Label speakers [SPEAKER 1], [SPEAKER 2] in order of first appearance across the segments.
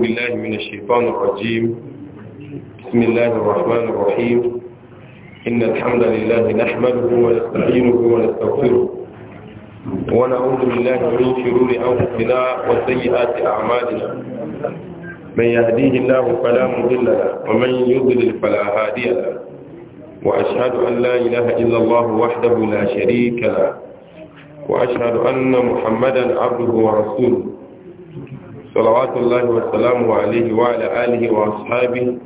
[SPEAKER 1] بالله من الشيطان الرجيم بسم الله الرحمن الرحيم إن الحمد لله نحمده ونستعينه ونستغفره ونعوذ بالله من شرور أنفسنا وسيئات أعمالنا من يهديه الله فلا مضل له ومن يضلل فلا هادي له وأشهد أن لا إله إلا الله وحده لا شريك له وأشهد أن محمدا عبده ورسوله صلوات الله وسلامه عليه وعلى آله وأصحابه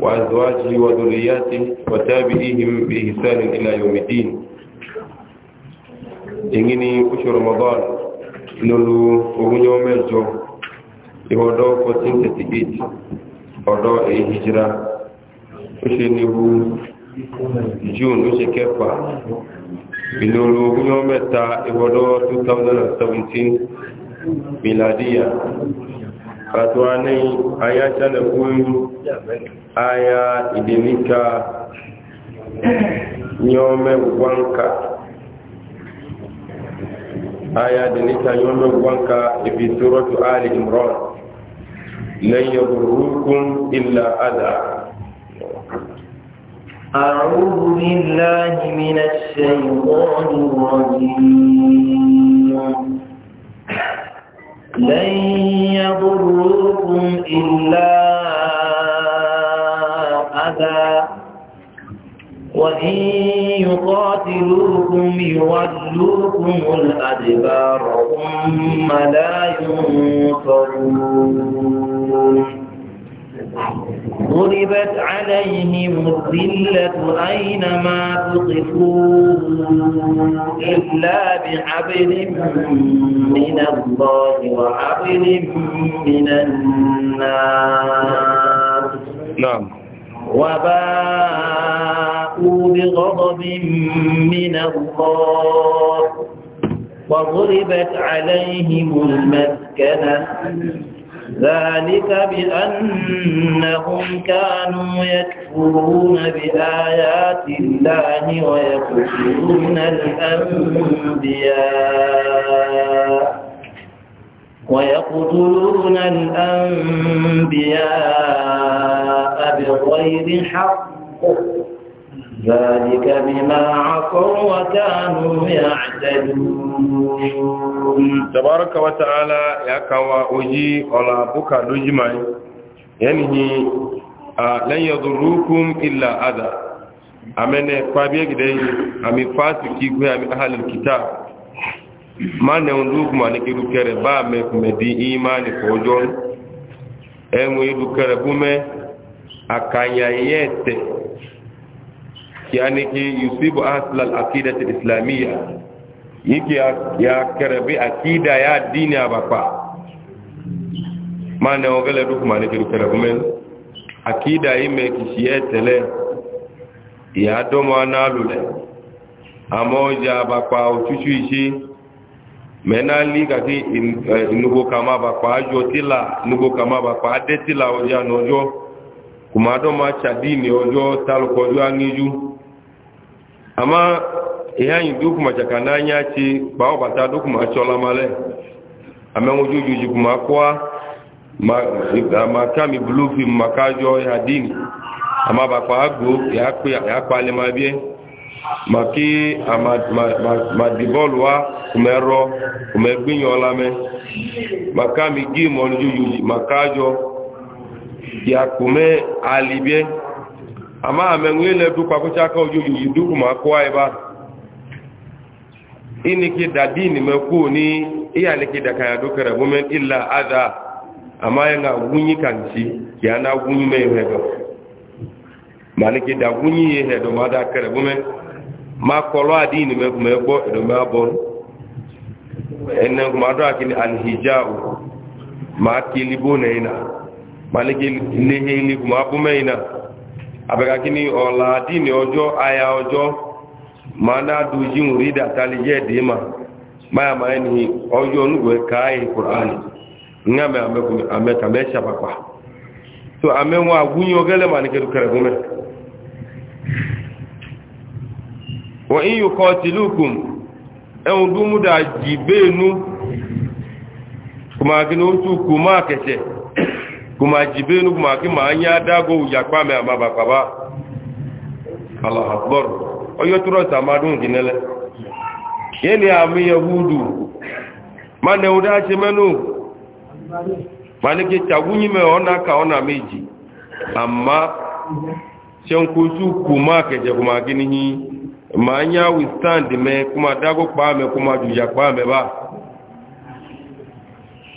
[SPEAKER 1] وأزواجه وذرياته وتابعيهم بإحسان إلى يوم الدين إنني أشهر رمضان نلو أغن يوم الجو إهدو فتن تتكيت أهدو إهجرة أشهره جون أشهكفة بلولو أغن يوم التا 2017 miladiya katuwa ne aya cana kuyu aya idilika nyome wanka aya idilika nyome wanka ibi suratu ali imran lan yadurrukum illa adha
[SPEAKER 2] أعوذ بالله من الشيطان الرجيم لن يضروكم إلا أذى وإن يقاتلوكم يولوكم الأدبار ثم لا ينصرون ضربت عليهم الذلة أينما تقفوا إلا بحبل من الله وحبل من الناس نعم وباءوا بغضب من الله وضربت عليهم المسكنة ذلك بأنهم كانوا يكفرون بآيات الله ويقتلون الأنبياء ويقتلون الأنبياء بغير حق
[SPEAKER 1] ذلك بما
[SPEAKER 2] عصوا وكانوا
[SPEAKER 1] يعتدون تبارك وتعالى يا كوا اوجي ولا بوكا دوجماي ينهي لن يضروكم الا اذى amene kwabiye gidai ami fatu ki gwe ami ahalul kitab mane undugu mane kiru kere ba me kumedi imani kojon enwe idu kere bume akanya yete yani ki yusibu asl al aqida al islamiyya yiki ya karabi akida ya dini abapa mane ogele duk mane ki karabi men akida ime kishiyetele ya domo analule amoja abapa ochuchu ishi menali kaki eh, inugo kama abapa ajo tila inugo kama abapa ade tila oja nojo kumadomacha dini ojo talukọjọ aniju amma ihayin duk mace kana ya ce ba wa bata duk ma cola male amma wujujuji kuma kuwa ma kami blufi makajo ya dini ama ba kwa agbo ya kwale ma biye ma ki ma ma diboluwa kuma ẹrọ kuma ẹgbìyàn ọlámẹ ma kami gí mọ ojujuji makajo ya kume alibiye amma a menwe le du kwa ka ojo yi du ma ko ai ini ki da dini ni iya le ki da ka do kare bu men illa adha amma ya nga gunyi kanci ya na gunyi me he do mani ki da gunyi ye he do ma da kare bu ma ko adini me ko me ma bon enne ko do akini al ma kilibo ina mani ki ni ko ma ina abẹ́kakíní ọ̀la dini ọjọ aya ọjọ ma náà du jíun rí dàtàlì yẹ́ ma máa ma ẹni ọjọ́ onúgbò ẹ̀ka ẹ̀ kùránì ní àmì àmẹ́kàmẹ́ ṣàpapà tó àmẹ́wọn àgúnyìn ọgẹ́lẹ̀ mà ní kẹrù ihe kuma jibenu kuma ki ma anya dago ya pa me ama ba baba Allah akbar oyo turo ta madun ginele yeni ami yahudu mane uda che menu mane ke chagunyi me ona ka ona meji amma chen kunsu kuma ke je kuma ginihi ma anya we stand me kuma dago pa me kuma ju ya pa me ba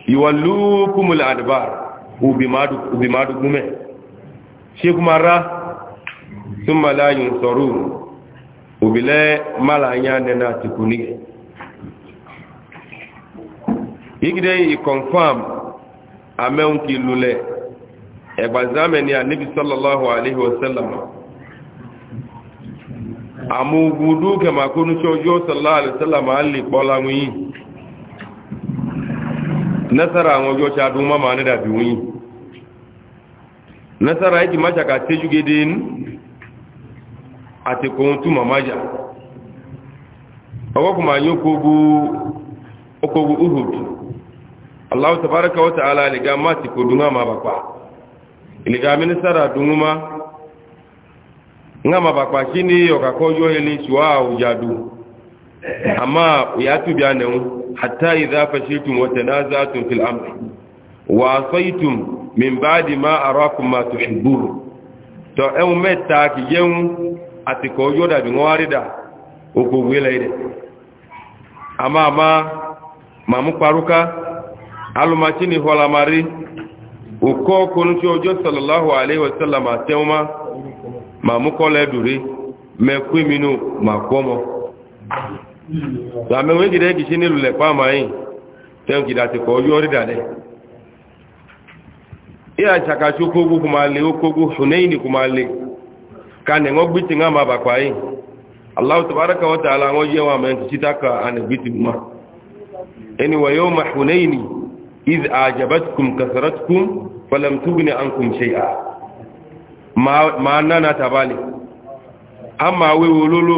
[SPEAKER 1] yuwallukumul adbar ubi madu gume shi kuma ra sun malayin tsoro ubile malanya ne na tukuni igide yi confirm amẹ́unki lulẹ̀ ẹgbàzámẹ́ ni àníbi sallallahu alaihi wasallam gudu kẹmàkúnú ṣọ́jọ́ sallallahu alaihi wasallam a lè pọ́lá wọ́nyí nasara àwọn ọjọ́ ṣe adún máa ní dàbí wọ́n yìí nasara ìjì máṣàkà tẹ́jú gẹ́dẹ́ inú àti kòun tún màmá jà ọgọ́kùn máa yí okogbo uhud allahu tabaraka wata ala iliga ma ti ko dunga ma bakpa iliga minisara dunguma nga ma bakpa kini yoka kojo hili suwa ujadu ama uyatu bia neun hatta idza fashiltum wa tanaza'tum fil amri wa asaytum min ba'di ma arakum ma tuhibbun to en meta ki yeun ati ko yoda bi ngwarida o ko wele ide ama ama mamu paruka alumachini hola mari uko kunu ti ojo sallallahu alaihi wasallam atema mamu kole duri mekwi minu makomo làmì wọn jìdá kìí ṣe nílùú lẹ̀ pàmò ayìn tẹ́wọ̀n kìdá ti kọ́ ọjọ́ rí dàdẹ́ ìyá ìṣàkàṣọ kógó kò máa lè ó kógó fúnẹ́yìn kò máa lè ká ní wọ́n gbìtì ń àmà bàpà ayìn aláwọ̀ tàbárakà wọ́n tààlà wọ́n yẹ wọn àmì títà ká àná gbìtì mọ́ ẹni wọ́n yóò máa fúnẹ́yìn ìdí àjàbàtùkùm kàṣàràtùkùm fọlẹ́mtúbìnì àǹkùm ṣe à máa nánà tàbálẹ̀ àmà wéwo lólò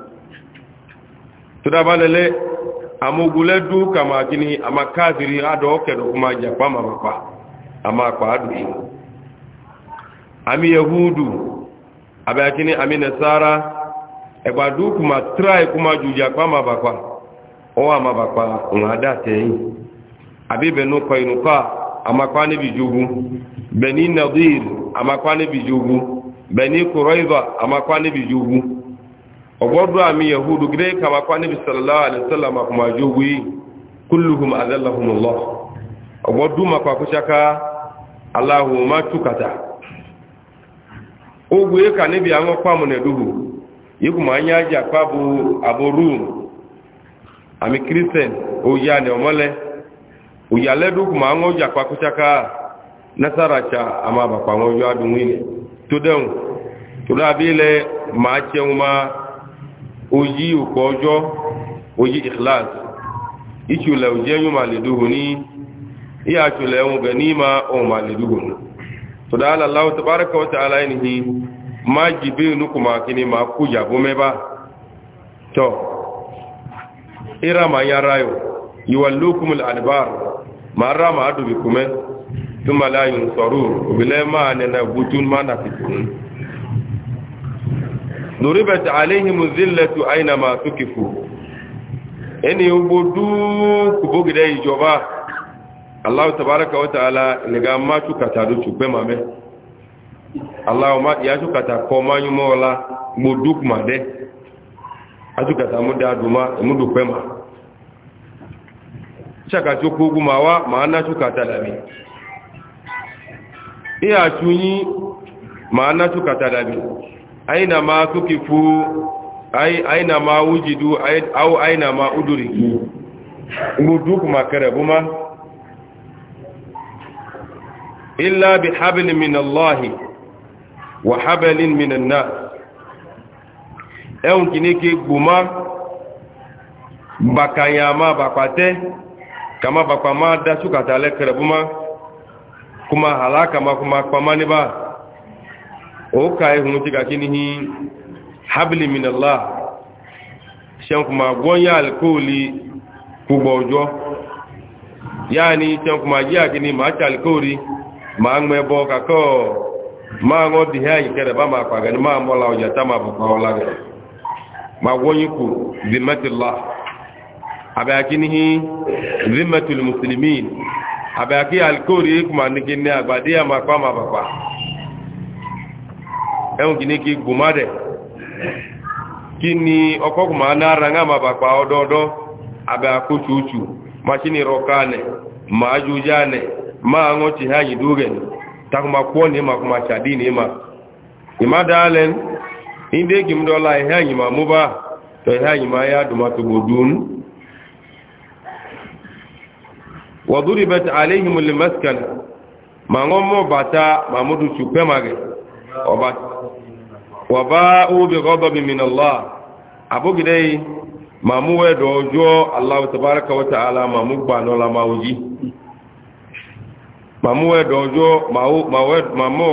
[SPEAKER 1] tudabalele amugule du kama kini ama kafiri ado kedo kuma japa mama pa ama kwa adu ami yahudu abakini ami nasara egba du kuma try kuma juja kwa mama kwa o ama bakwa ngada teyi abibe no ko inu ka ama kwa ni bijugu beni nadir ama kwa ni bijugu beni kuroiva ama kwa ni bijugu ọgbọ́dọ̀ àmì yahudu gidẹ́ kàwàkwá níbi sallallahu alaihi wasallam kuma jogu yi kulluhum azallahumullah ọgbọ́dọ̀ makwa kushaka allahu ma tukata ogu yi ka níbi àwọn kwamu na duhu yi kuma an yaji akpa abu rum àmì christian oya ne ọmọlẹ oya lẹ́dù kuma an oji akpa kushaka nasara cha ama bakwa wọn yọ adùn tó dẹ̀hùn tó dábí ilẹ̀ máa jẹun máa oyi òkò ọjọ́ oyi ikhlas ìtùlẹ̀ òjẹ́ yóò máa lè dúhù ní ìyá àtùlẹ̀ ohun bẹ̀ ní máa ohun máa lè dúhù nù tọ́dá aláwọ̀ tàbárakà ọ̀tà aláìníhì máa jì bí inú kò máa kí ni máa kú ìyàbó mẹ́bá tọ́ ìrà ضربت عليهم الذلة أينما تكفوا إني يبدوك بغدي جبا الله تبارك وتعالى لقام ما تكتادو تكبما مه الله ما يأتكتا كوما يمولا مدوك ما ده أتكتا مدادو ما مدوك بما شكا تكوغو ماوا ما أنا تكتا لبي إيه أتوني ما أنا تكتا لبي aina ma tukifu aina ma wujidu au aina ma uduriki ngudu kuma karabuma illa bi hablin min Allah wa hablin min an-nas ehun kinike gbuma bakayama bakpate kama bakpama da sukata le karabuma kuma halaka ma kuma kpamani ba o ka ye hun tiga kini hi habli min allah shan kuma gonya alkoli ku bojo yani shan kuma ji akini ma ta alkoli ma ngme bo ka ko ma ngo di ha ikere ba ma kwa gani ma mola oja tama bu kwa ola gani ma gonyi ku zimmatillah abakini hi zimmatul muslimin abaki alkoli kuma nikini agbade ma kwa ma ba kwa ẹ̀hùn kì ní kí gbùmádẹ̀ kí ni ọkọ̀kùnmá nára ń àmà bàpá ọdọọdọ́ abẹ́ akóṣooṣù mashini ma máa jújánẹ̀ máa ń ọtí hàn yìí dúrẹ̀ takuma kọ́ ní ma kuma ṣàdí ní ma ìmádàálẹ̀ ní gímdọ́lá ẹ̀hẹ́ àyìnmá mú bá tọ́ ẹ̀hẹ́ àyìnmá yá dùmátògbò dún وباءوا بغضب من الله ابو غدي مامو ودوجو الله تبارك وتعالى مامو بانو لا ماوجي مامو ودوجو ماو ماو مامو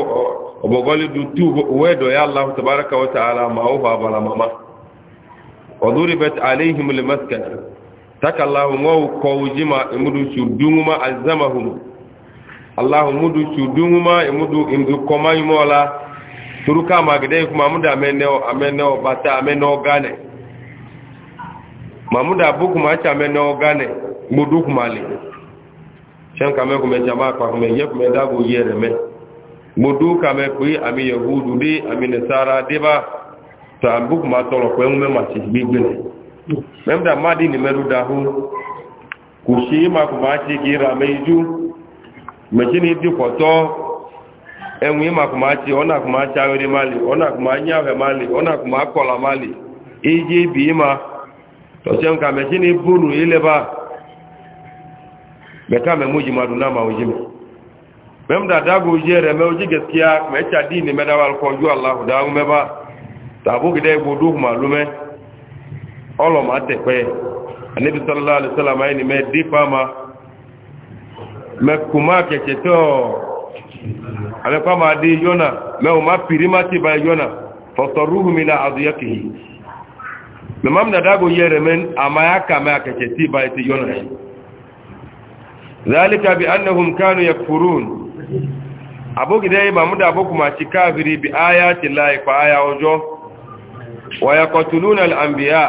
[SPEAKER 1] obogoli du tu wedo ya allah tabaraka wa taala ma o baba la mama waduribat turuka magidai kuma muda ameneo bata ameneo gane mamuda abu kuma acha ameneo gane gbudu kuma le shan kame kuma jama kwa kuma ye kuma dago yere me gbudu kame kui ami yahudu di ami nasara di ba ta abu kuma toro kwa enwe machi gbigbe ne memda madi ni meru dahu kushima kuma achi gira meju mechini di koto enwe ma kumachi ona kumachi awere mali ona kumanya we mali ona kumakola mali iji bi ma to chen ka me chini bunu ile ba me ka me muji maduna ma ujime mem da dago ujere me uji gaskiya me cha dini me dawal ko ju Allah da mu me ba tabu gide bodu ma lume olo ma te pe anabi sallallahu alaihi wasallam ayni dipa ma me kuma alẹ́kọ́ máa dé yọ́nà mẹ́wọ̀n má pìrí má ti bá yọ́nà fọ̀tọ̀rúhù mi náà àdúyẹ́ kìí mẹ́mọ́ mi dàdágò yẹ rẹ̀ mẹ́n àmáyáka mẹ́ àkẹ̀kẹ̀ tí bá ti yọ́nà yìí zálíkà pa áyá ọjọ́ wàyàkọ̀tùlúnà àmbíyà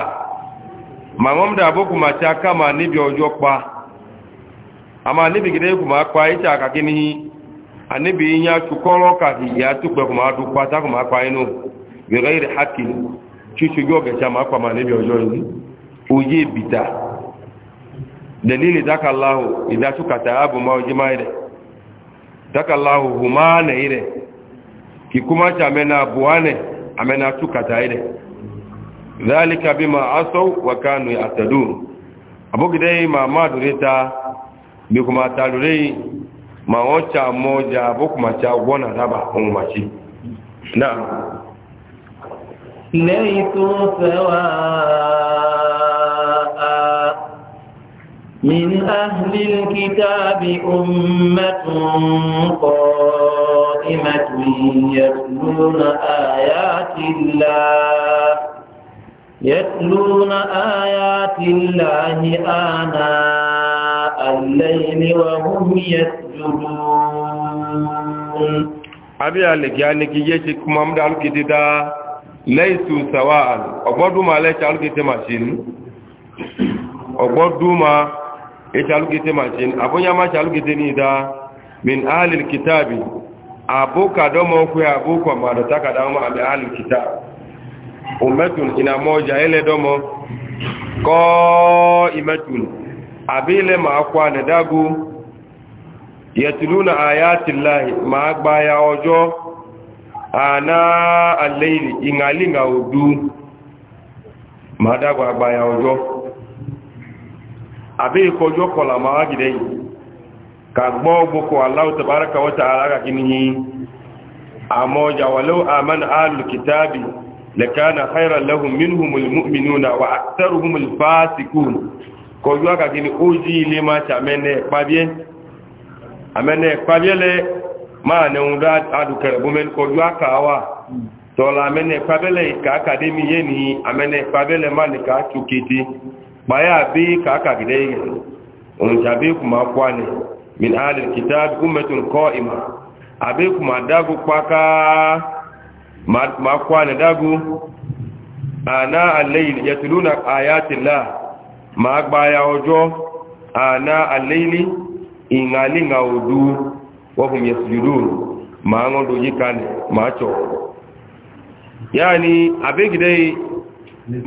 [SPEAKER 1] màmúdà abókùnmá ti aká máa níbi ọjọ́ pa àmà níbi anibi yin ya tukọrọ ka ya tukpẹ kuma du pata kuma akpa inu yọrọ yiri haki tutu yọ gẹ̀ẹ́sà ma akpa ma anibi ọjọ́ yìí oye bita dalili dakalahu idatu kata abu ma oji ma yi dẹ dakalahu huma na yi dẹ kikuma ta amena buwa ne amena tu kata yi dẹ zalika bi ma asau wa atadu abogide ma ma dure ta bi kuma ta dure yi ما ma ọcha moja bụkmacha gwọ na daba ماشي نعم
[SPEAKER 2] ليسوا سواء من أهل الكتاب أمة قائمة يتلون آيات الله يتلون آيات الله آناء
[SPEAKER 1] الليل وهم يتلون abi aliki aliki ye ti kuma mu da alukiti da laisu sawa'an ọgbọduma lẹti alukiti machine ọgbọduma eti alukiti machine abunya machi alukiti ni da min alil kitabi abu kadomo kwe abu kwa madota kadama abi alil kitabi umetun ina moja ele domo ko imetun abile maakwa nedagu yẹtìlúnà àyàtìláì máa gba ya ọjọ́ àná alẹ́ ìngàlìngà òdú máa dágbà gba ya ọjọ́ àbí ìkọjọ́ kọlà máa gìdẹ̀ yìí ka gbọ́ gbogbo aláwọ̀ tàbárakà wata alága gini yìí àmọ́ yàwàlẹ́ àmàn alùkìtàbì lẹ́kánà haira lẹ́hùn mínúhùmùlmùmínúna amene kwabele ma ne unda adu karabumen ko jwa kawa to la amene kwabele ka akademi yeni amene kwabele ma ne ka chukiti baya bi ka ka gidei on jabe kuma kwane min ahli kitab ummatun qa'ima abe kuma dagu kwaka ma, ma kwane dagu ana al-layl yatluna ayati llah ma gbaya ojo ana al ìngali ŋa o du wọ́pùn yẹ sùjúdùn máa ń lò yí kan máa tsọ̀ yaani abegide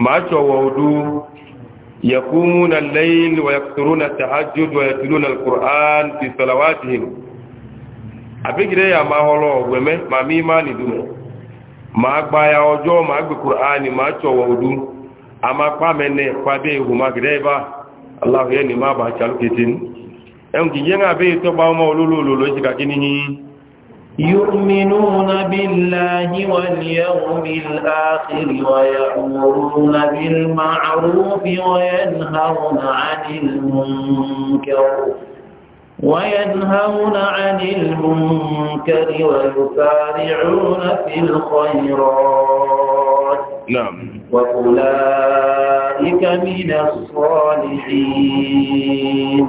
[SPEAKER 1] máa tsọ̀ wọ́ o du yẹkùnmù na lẹ́yìn wọ́yẹkùtùrù na tàájú wọ́yẹkùtùrù na kùrán ti sọ̀làwátì hìn abegide yà máa họlọ́ ọ̀gbẹ̀mẹ́ máa mi máa nì dùnmẹ́ máa gba ya ọjọ́ máa gbé kùrán máa tsọ̀ wọ́ o du àmà pàmẹ́nẹ́ pàdé ìhùmá gidẹ́ bá aláwọ̀ yẹn ni má bàa tsalókété ni ẹ̀hùn kì yẹ́ náà bèèrè tọ́gbà ọmọ olólòlò ló ṣìkà kí níhí يؤمنون بالله واليوم الآخر ويأمرون
[SPEAKER 2] بالمعروف وينهون عن المنكر وينهون عن المنكر ويسارعون في الخيرات نعم
[SPEAKER 1] وأولئك من الصالحين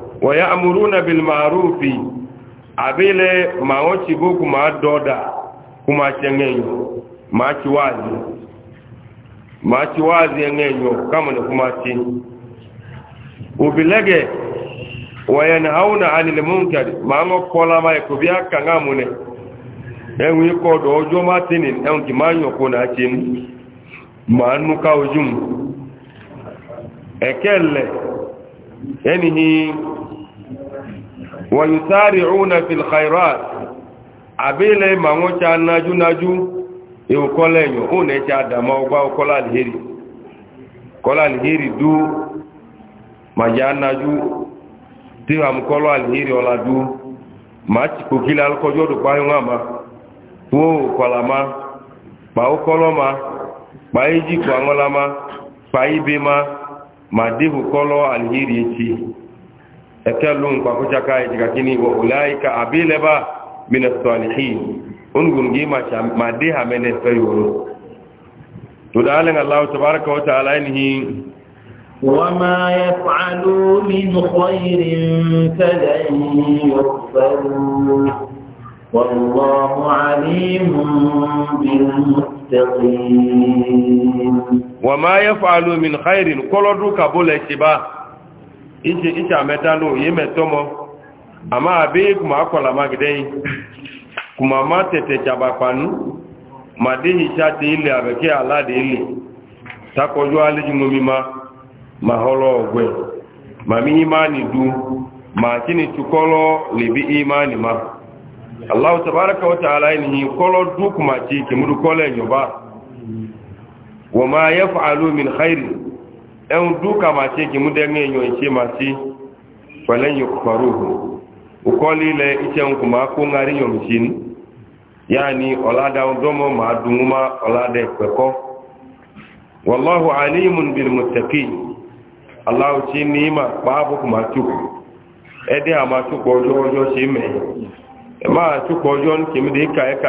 [SPEAKER 1] ويأمرون بالمعروف abile ma wochi go kuma doda kuma chengenyo ma chiwazi ma chiwazi engenyo kama ni kuma chi ubilege wayanhauna anil munkar ma ngo kola ma kubia kanga mune enwi ko dojo ma tinin enki manyo kuna chin ma nuka ujum ekelle enihi wàyùsáàrìún fil khairat àbílẹ̀ màwọn tí a nájúnájú ìhùkọ́lẹ̀ èèyàn ó nẹ́ tí a dàmọ́ ọgbá ọkọ́lá alìhérì kọ́lá alìhérì dú màjá nájú tí a mú kọ́lá alìhérì ọlá dú màá ti kò kí lálùkọjọ́ dùpá yún àmà tó kọ́lá ma pa ó kọ́lọ́ ma pa éjì kọ́ àwọn ọlá ma pa ibè ma màdéhùkọ́lọ́ alìhérì etí ekelun kwa kuchaka itika kini wa ulaika abileba min as-salihin ungun gima cha madiha mene fayuru to da alin Allah tabaaraka wa ta'ala inhi
[SPEAKER 2] wama yaf'alu min khairin falan yughfaru wallahu alimun
[SPEAKER 1] iche iche ametalụ ye metọmọ ama abịghị kuma akwala magide kuma ma tete chabakpanu ma dehicha te ile abekee ala dị ile takọjụ alijumomima ma họrọ ogwe ma mi imani du ma kini tukọlọ lebi imani ma allahu tabaraka wa ta'ala inihi kọlọ du kuma ci kemudu kọlọ enyoba wa ma ya min khairi ẹun dúkà máa ṣe kì mú dẹ́gbẹ́ èèyàn ìṣe máa ṣe pẹ̀lẹ́yìn kọ̀ọ̀rọ̀ òhùn òkọ́lé ilẹ̀ iṣẹ́ òkú máa kó ń sí ní yáà ní ma ọdọ́mọ máa dùn mú máa ọ̀làdà ẹ̀pẹ̀kọ́ wọ́láhù àníyìmù bìrì ní ìmà pàábùkù máa túkù ẹdẹ́ àmà túpọ̀ ọjọ́ ọjọ́ ṣe mẹ́ máa ọjọ́ ní ká ẹ̀ka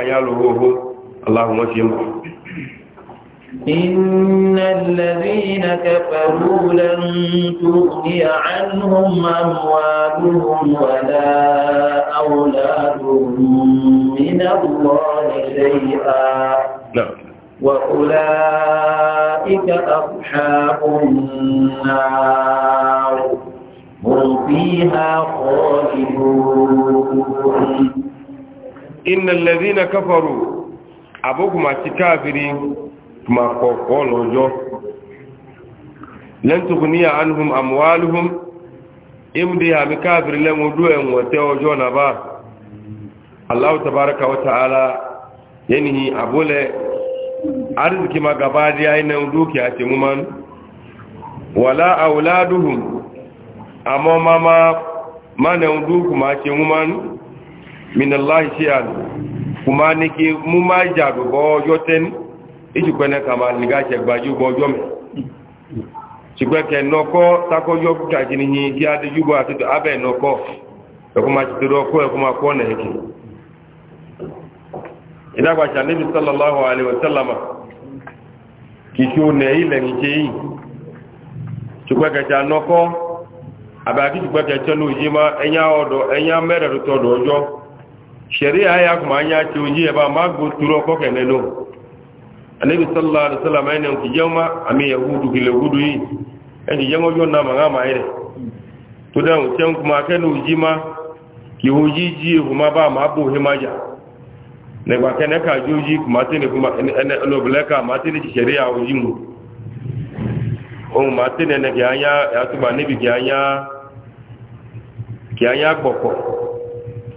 [SPEAKER 1] إن الذين كفروا
[SPEAKER 2] لن تغني عنهم أموالهم ولا أولادهم من الله شيئا نعم. وأولئك أصحاب
[SPEAKER 1] النار هم فيها خالدون إن الذين كفروا أبوكم أتكافرين ma kọ kọ lọ́jọ́ lẹ́ntùkúníyà anuhum amuwaluhum imdi hami káfìrí lẹ́wọ̀n dúẹ̀ wọ́n tẹ́ ọjọ́ na bá aláwọ̀ tabaraka wata ala yẹnihi abúlẹ̀ arziki ma gaba di ainihin dúkìá ti mú man wàlá àwùládùhùm àmọ́ ma ma manan dúkù ma ti mú man minallahi shi'an kuma ni ki mú ma jàgbọ́ ọjọ́ ìjùpẹ́ náà kama máa nìgá ṣe gbajú bọ ọjọ́ mẹ́ ṣùgbọ́n kẹ nọkọ́ takọ́jọ́ gàjì ní yìí adị adéjúbọ àti abẹ́ nọkọ́ ẹkùn máa tètè ọkọ́ ẹkùn máa kọ́ ọ̀nà ẹ̀kì níbi sallallahu alaihi wa sallama kì í ṣe ọ̀nà ilẹ̀ ń anabi sallallahu alaihi wasallam ayne on kijama ami yahudu kile hudu yi eni jango jonna manga maire to da o tem kuma kenu ujima ki hujiji kuma ba ma bo himaja ne ba kene ka joji kuma tene kuma ene lo bleka ma tene ci sharia ujimu o ma tene ne ki anya ya tuba ne bi ki ya, ki ya gboko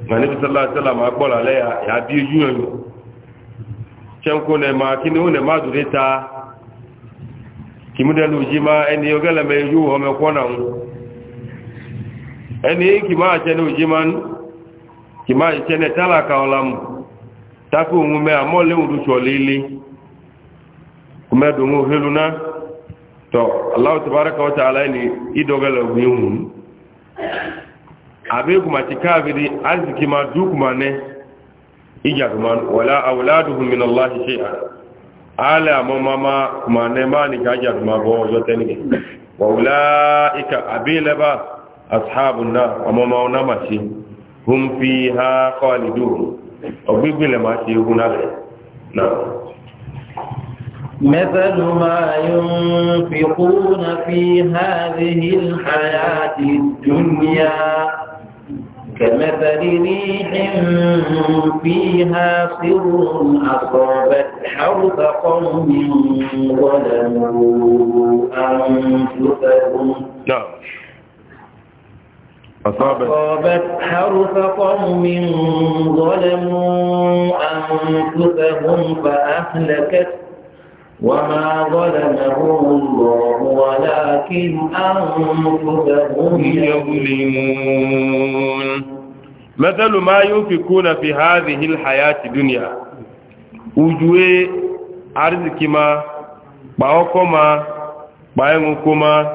[SPEAKER 1] ma ne bi sallallahu alaihi wasallam agbola le ya bi oju yan chenko ne ma kini une ma durita kimuda lujima eni yogala me yu ho me kona eni kima chene ujiman kima chene talaka olam taku ngume amole udu cholili kumedu ngu hiluna to allah tabaraka wa taala ni idogala wiun abe kuma tikaviri azikima dukumane ijaduman wala auladuhum min Allah shay'a ala mamama kuma nemani ga jaduma bo yote ni wa ulaika abilaba ashabun nar amama ona machi hum fiha khalidun ogbigbin le machi huna le na
[SPEAKER 2] مثل ما ينفقون في هذه الحياة الدنيا كمثل ريح فيها صر أصابت حرث قوم ظلموا أنفسهم أصابت, أصابت حرث قوم ظلموا أنفسهم فأهلكت وما ظلمهم الله ولكن
[SPEAKER 1] أنفسهم يظلمون مثل ما ينفقون في هذه الحياة الدنيا وجوه أرزكما باوكما بايمكما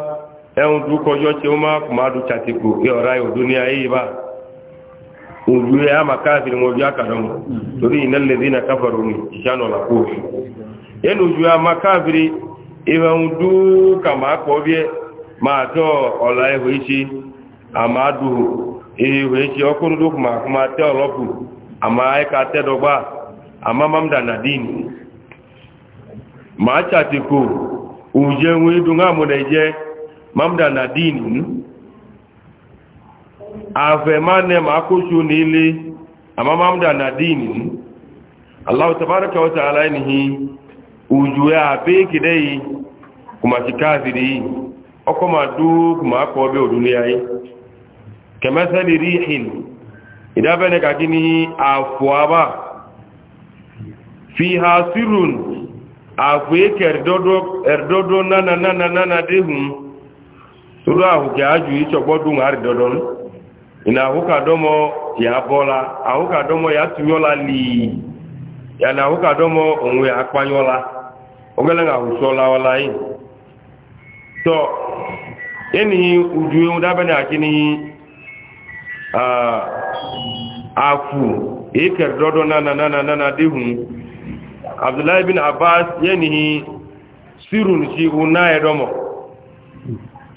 [SPEAKER 1] ẹun tó kọjọ́ tí ó máa kùnmá tó ṣàtìkò ìọ̀rá ìwòdó ní ayé bá òjú ẹ a máa káàkiri wọn ojú àkàdánù torí ìnẹ́lẹ̀ dínà káfàrò ní ìṣánà làkó òfin ẹnu ojú a máa káàkiri ìwọ̀n dúkà máa pọ̀ bí ẹ máa tọ́ ọ̀la ẹ̀họ̀ ewe ti ọkùnrin tó kùmà kó máa tẹ́ ọlọ́pù àmà ẹka tẹ́dọgbà àmà mamda nadine máa ṣàtìkò òjẹ́ wọn ìdún àmúlẹ̀ jẹ́ mamda nadine àfẹ̀mánẹ̀ máa kóṣù nílé àmà mamda nadine aláwọ̀ tàbárakà ọ̀tà aláìníhì òjò ẹ̀ àbẹ́kìdẹ́ yìí kùmà sí ọkọ̀ máa dúó kùmà kọ́ ọbẹ̀ òdúnlé ayé kẹmẹ́sẹ́lì rí ìhìn ìdábẹ́nẹ̀ kàkí ní àfọ́àbá fi ha sírùn àfẹ́kẹ́ ẹ̀rẹ́dọ́dọ́ nánà déhùn sórò àhùkẹ́ ájù ìṣọ̀gbọ́dún àrídọ́dọ́n ìnà àhùkàdọ́mọ yà bọ́la àhùkàdọ́mọ yà túnyọ́la lìí yàna àhùkàdọ́mọ òun yà apáyọ́la ọgbẹ́lẹ́ àhùsọ́la ọlá yìí tọ́ ẹni ojú ẹ̀hún dábẹ́nẹ̀ àkíní afu ah, ikar dodo na na na na na dihun abdullahi bin abbas yanihi sirun shi una edomo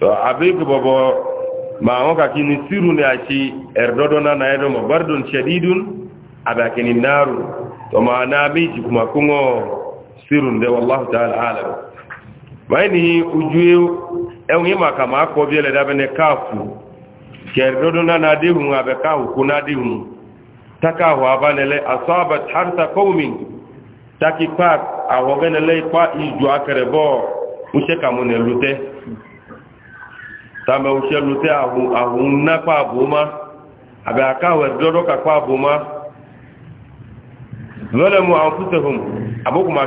[SPEAKER 1] to abik bobo ma won ka kini sirun ya shi erdodo na na edomo bardun shadidun abakini naru to ma na biji kuma kungo sirun de wallahu ta'ala alam bayni ujuwe ewi maka ma ko biele da bene kafu kẹrìndòdó náà náà déhùn àbẹ̀ká òkú náà déhùn taka àwọn kọ́wùmí taki park àwọn ipa ìjọ akẹrẹbọ́ òṣèkàmúnẹ̀ lútẹ́ tàbí òṣè lútẹ́ àwọn nápa àbòmá àbẹ̀ká àwọn ẹ̀dọ́dọ́ àbòmá lọ́lẹ̀ àwọn fúsẹ̀hùn àbókùnmá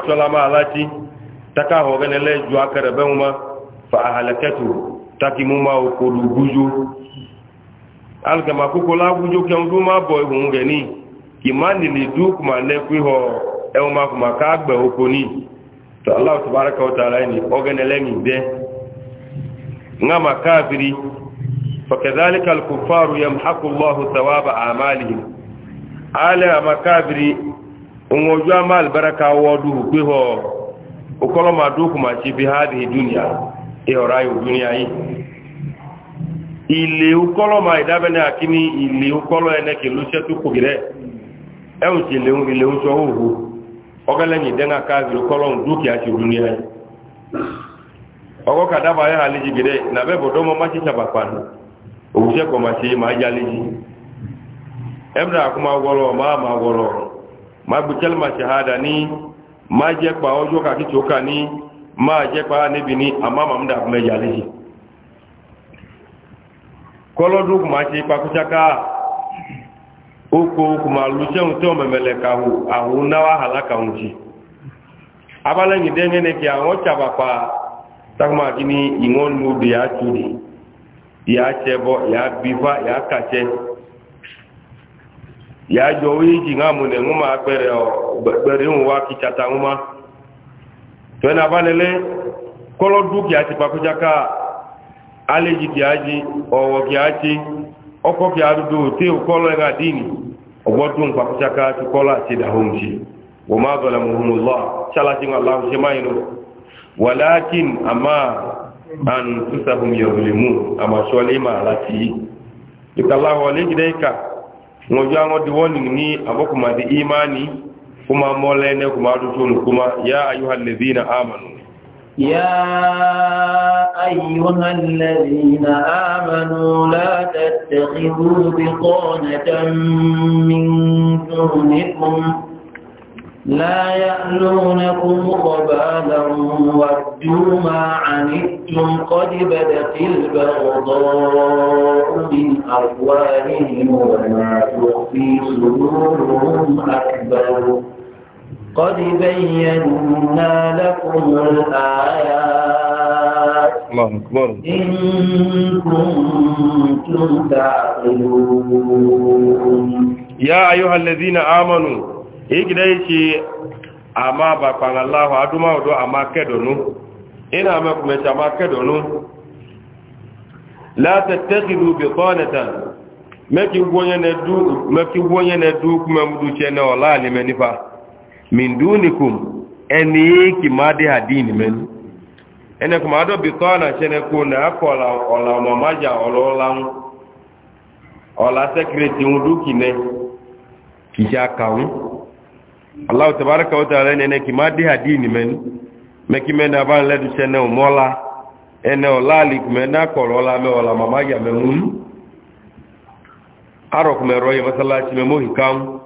[SPEAKER 1] fa alkama koko lagujo ke ndu ma bo ehun ge ni ki mani li du kuma le ku ho e ma kuma ka gbe oko ni to allah tbaraka wa taala ni o gene le ni de ngama kafiri fakadhalika alkufaru yamhaqu allah thawaba a'malihim ala makabiri ungoju amal baraka wodu ku ho ukolo ma du kuma chi bi hadi dunya e ora yu dunya yi ile ụkọlọ ma ịdabe na akini ile ụkọlọ ene kele uche tupu gị rẹ ẹwùn ti ile ile sọ ọhụhụ ọgẹlẹ ní ìdẹ́nà káàkiri ụkọlọ dúkìá ti dúnú ẹ ọgọ́ kàdába ayé ha léjì gẹ̀rẹ́ nàbẹ́ bọ̀dọ́ mọ́ má ṣe ṣàbàpà nù òwúṣẹ́ kọ̀ má ṣe má já léjì ẹ̀mdà kó má wọ́rọ̀ má má wọ́rọ̀ má gbé má ṣe ha dà ní má jẹ́ pa ọjọ́ kàkí tó kà ní má jẹ́ pa níbi ní màmúdà léjì. kọlọ́dún kò máa ṣe ipa kó ṣáká oko kò máa lu tí tó mẹ̀mẹ̀lẹ̀ kàwò àwọn náwà àlákàwọn jì abálẹ́yìn dẹ́nẹ́nẹ́ kí àwọn ṣàbàpà sákòmá kí ìwọ́n ní odò yà á tóde yà ṣẹbọ yà bífá yà kàṣẹ yà jọ wíjì máa gbẹ̀rẹ̀ wá kí má kì á aleji kì á jí ọ̀wọ̀ kì á jí ọkọ̀ kì á dúdú tí ó kọ́lọ̀ ẹ̀gá dìní ọgbọ́dún pàkúṣaká ti kọ́lọ̀ àti ìdáhùn sí wọ́n máa bọ̀lẹ̀ mọ̀hún lọ́ ṣáláṣí wọn aláwọ̀ ṣe máa yìnbó wà láàkín àmà àn túnṣàhùn yọ̀rùlẹ̀ mú àmàṣọ́lẹ̀ máa láti yìí ìkàláwọ̀ lẹ́gidẹ́ ìkà wọn jọ àwọn diwọ́n nì ní àbọ̀kùnmáde ìmáàní kó máa mọ́lẹ́ ẹnẹ́ kó máa dúdú nù kó máa yá ayúhàlẹ̀
[SPEAKER 2] يا أيها الذين آمنوا لا تتخذوا بطانة من دونكم لا يألونكم خبالا ودوا ما عنتم قد بدت البغضاء من أفواههم وما تخفي صدورهم أكبر قد بينا لكم الآيات الله أكبر إن كنتم تعقلون
[SPEAKER 1] يا أيها الذين آمنوا إجريتي أما بقى الله أدوما ودو أما كدونو إن أما كمت أما كدونو لا تتخذوا بطانة مكي بوين ندو مكي بوين ندو كما مدو تشينا ولا لمنفا min dunikum eni ki made hadini men ene kuma do bi kona chene kuna akola ola mo maja olola ola secretary unduki ne kisha kaun Allah tabaraka wa taala ne ne ki made hadini men me ki men aban le du chene o mola ene ola lik men akola ola me ola mama ya me mun aro kuma roye masalachi me mo hikam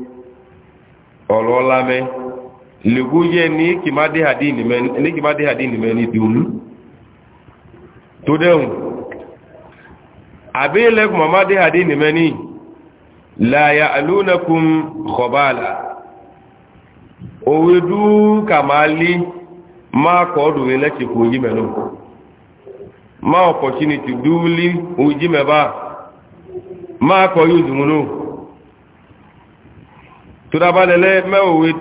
[SPEAKER 1] ọ̀rọ̀ lámẹ́ lègó yẹ ní kìmádé àdínì mẹ́ni di olú tó dẹ̀hùn àbílẹ̀kùn mọ̀mádé àdínì mẹ́ni láyà alónàkùn kọ̀bálà òwe dúkà máa lé máa kọ́ ọdún lẹ́kìkò yí mẹ́nu máa ọ̀pọ̀ṣínì ti dúlé ojímẹ́ bá máa kọ́ yóò dùn náà turabalẹ̀lẹ́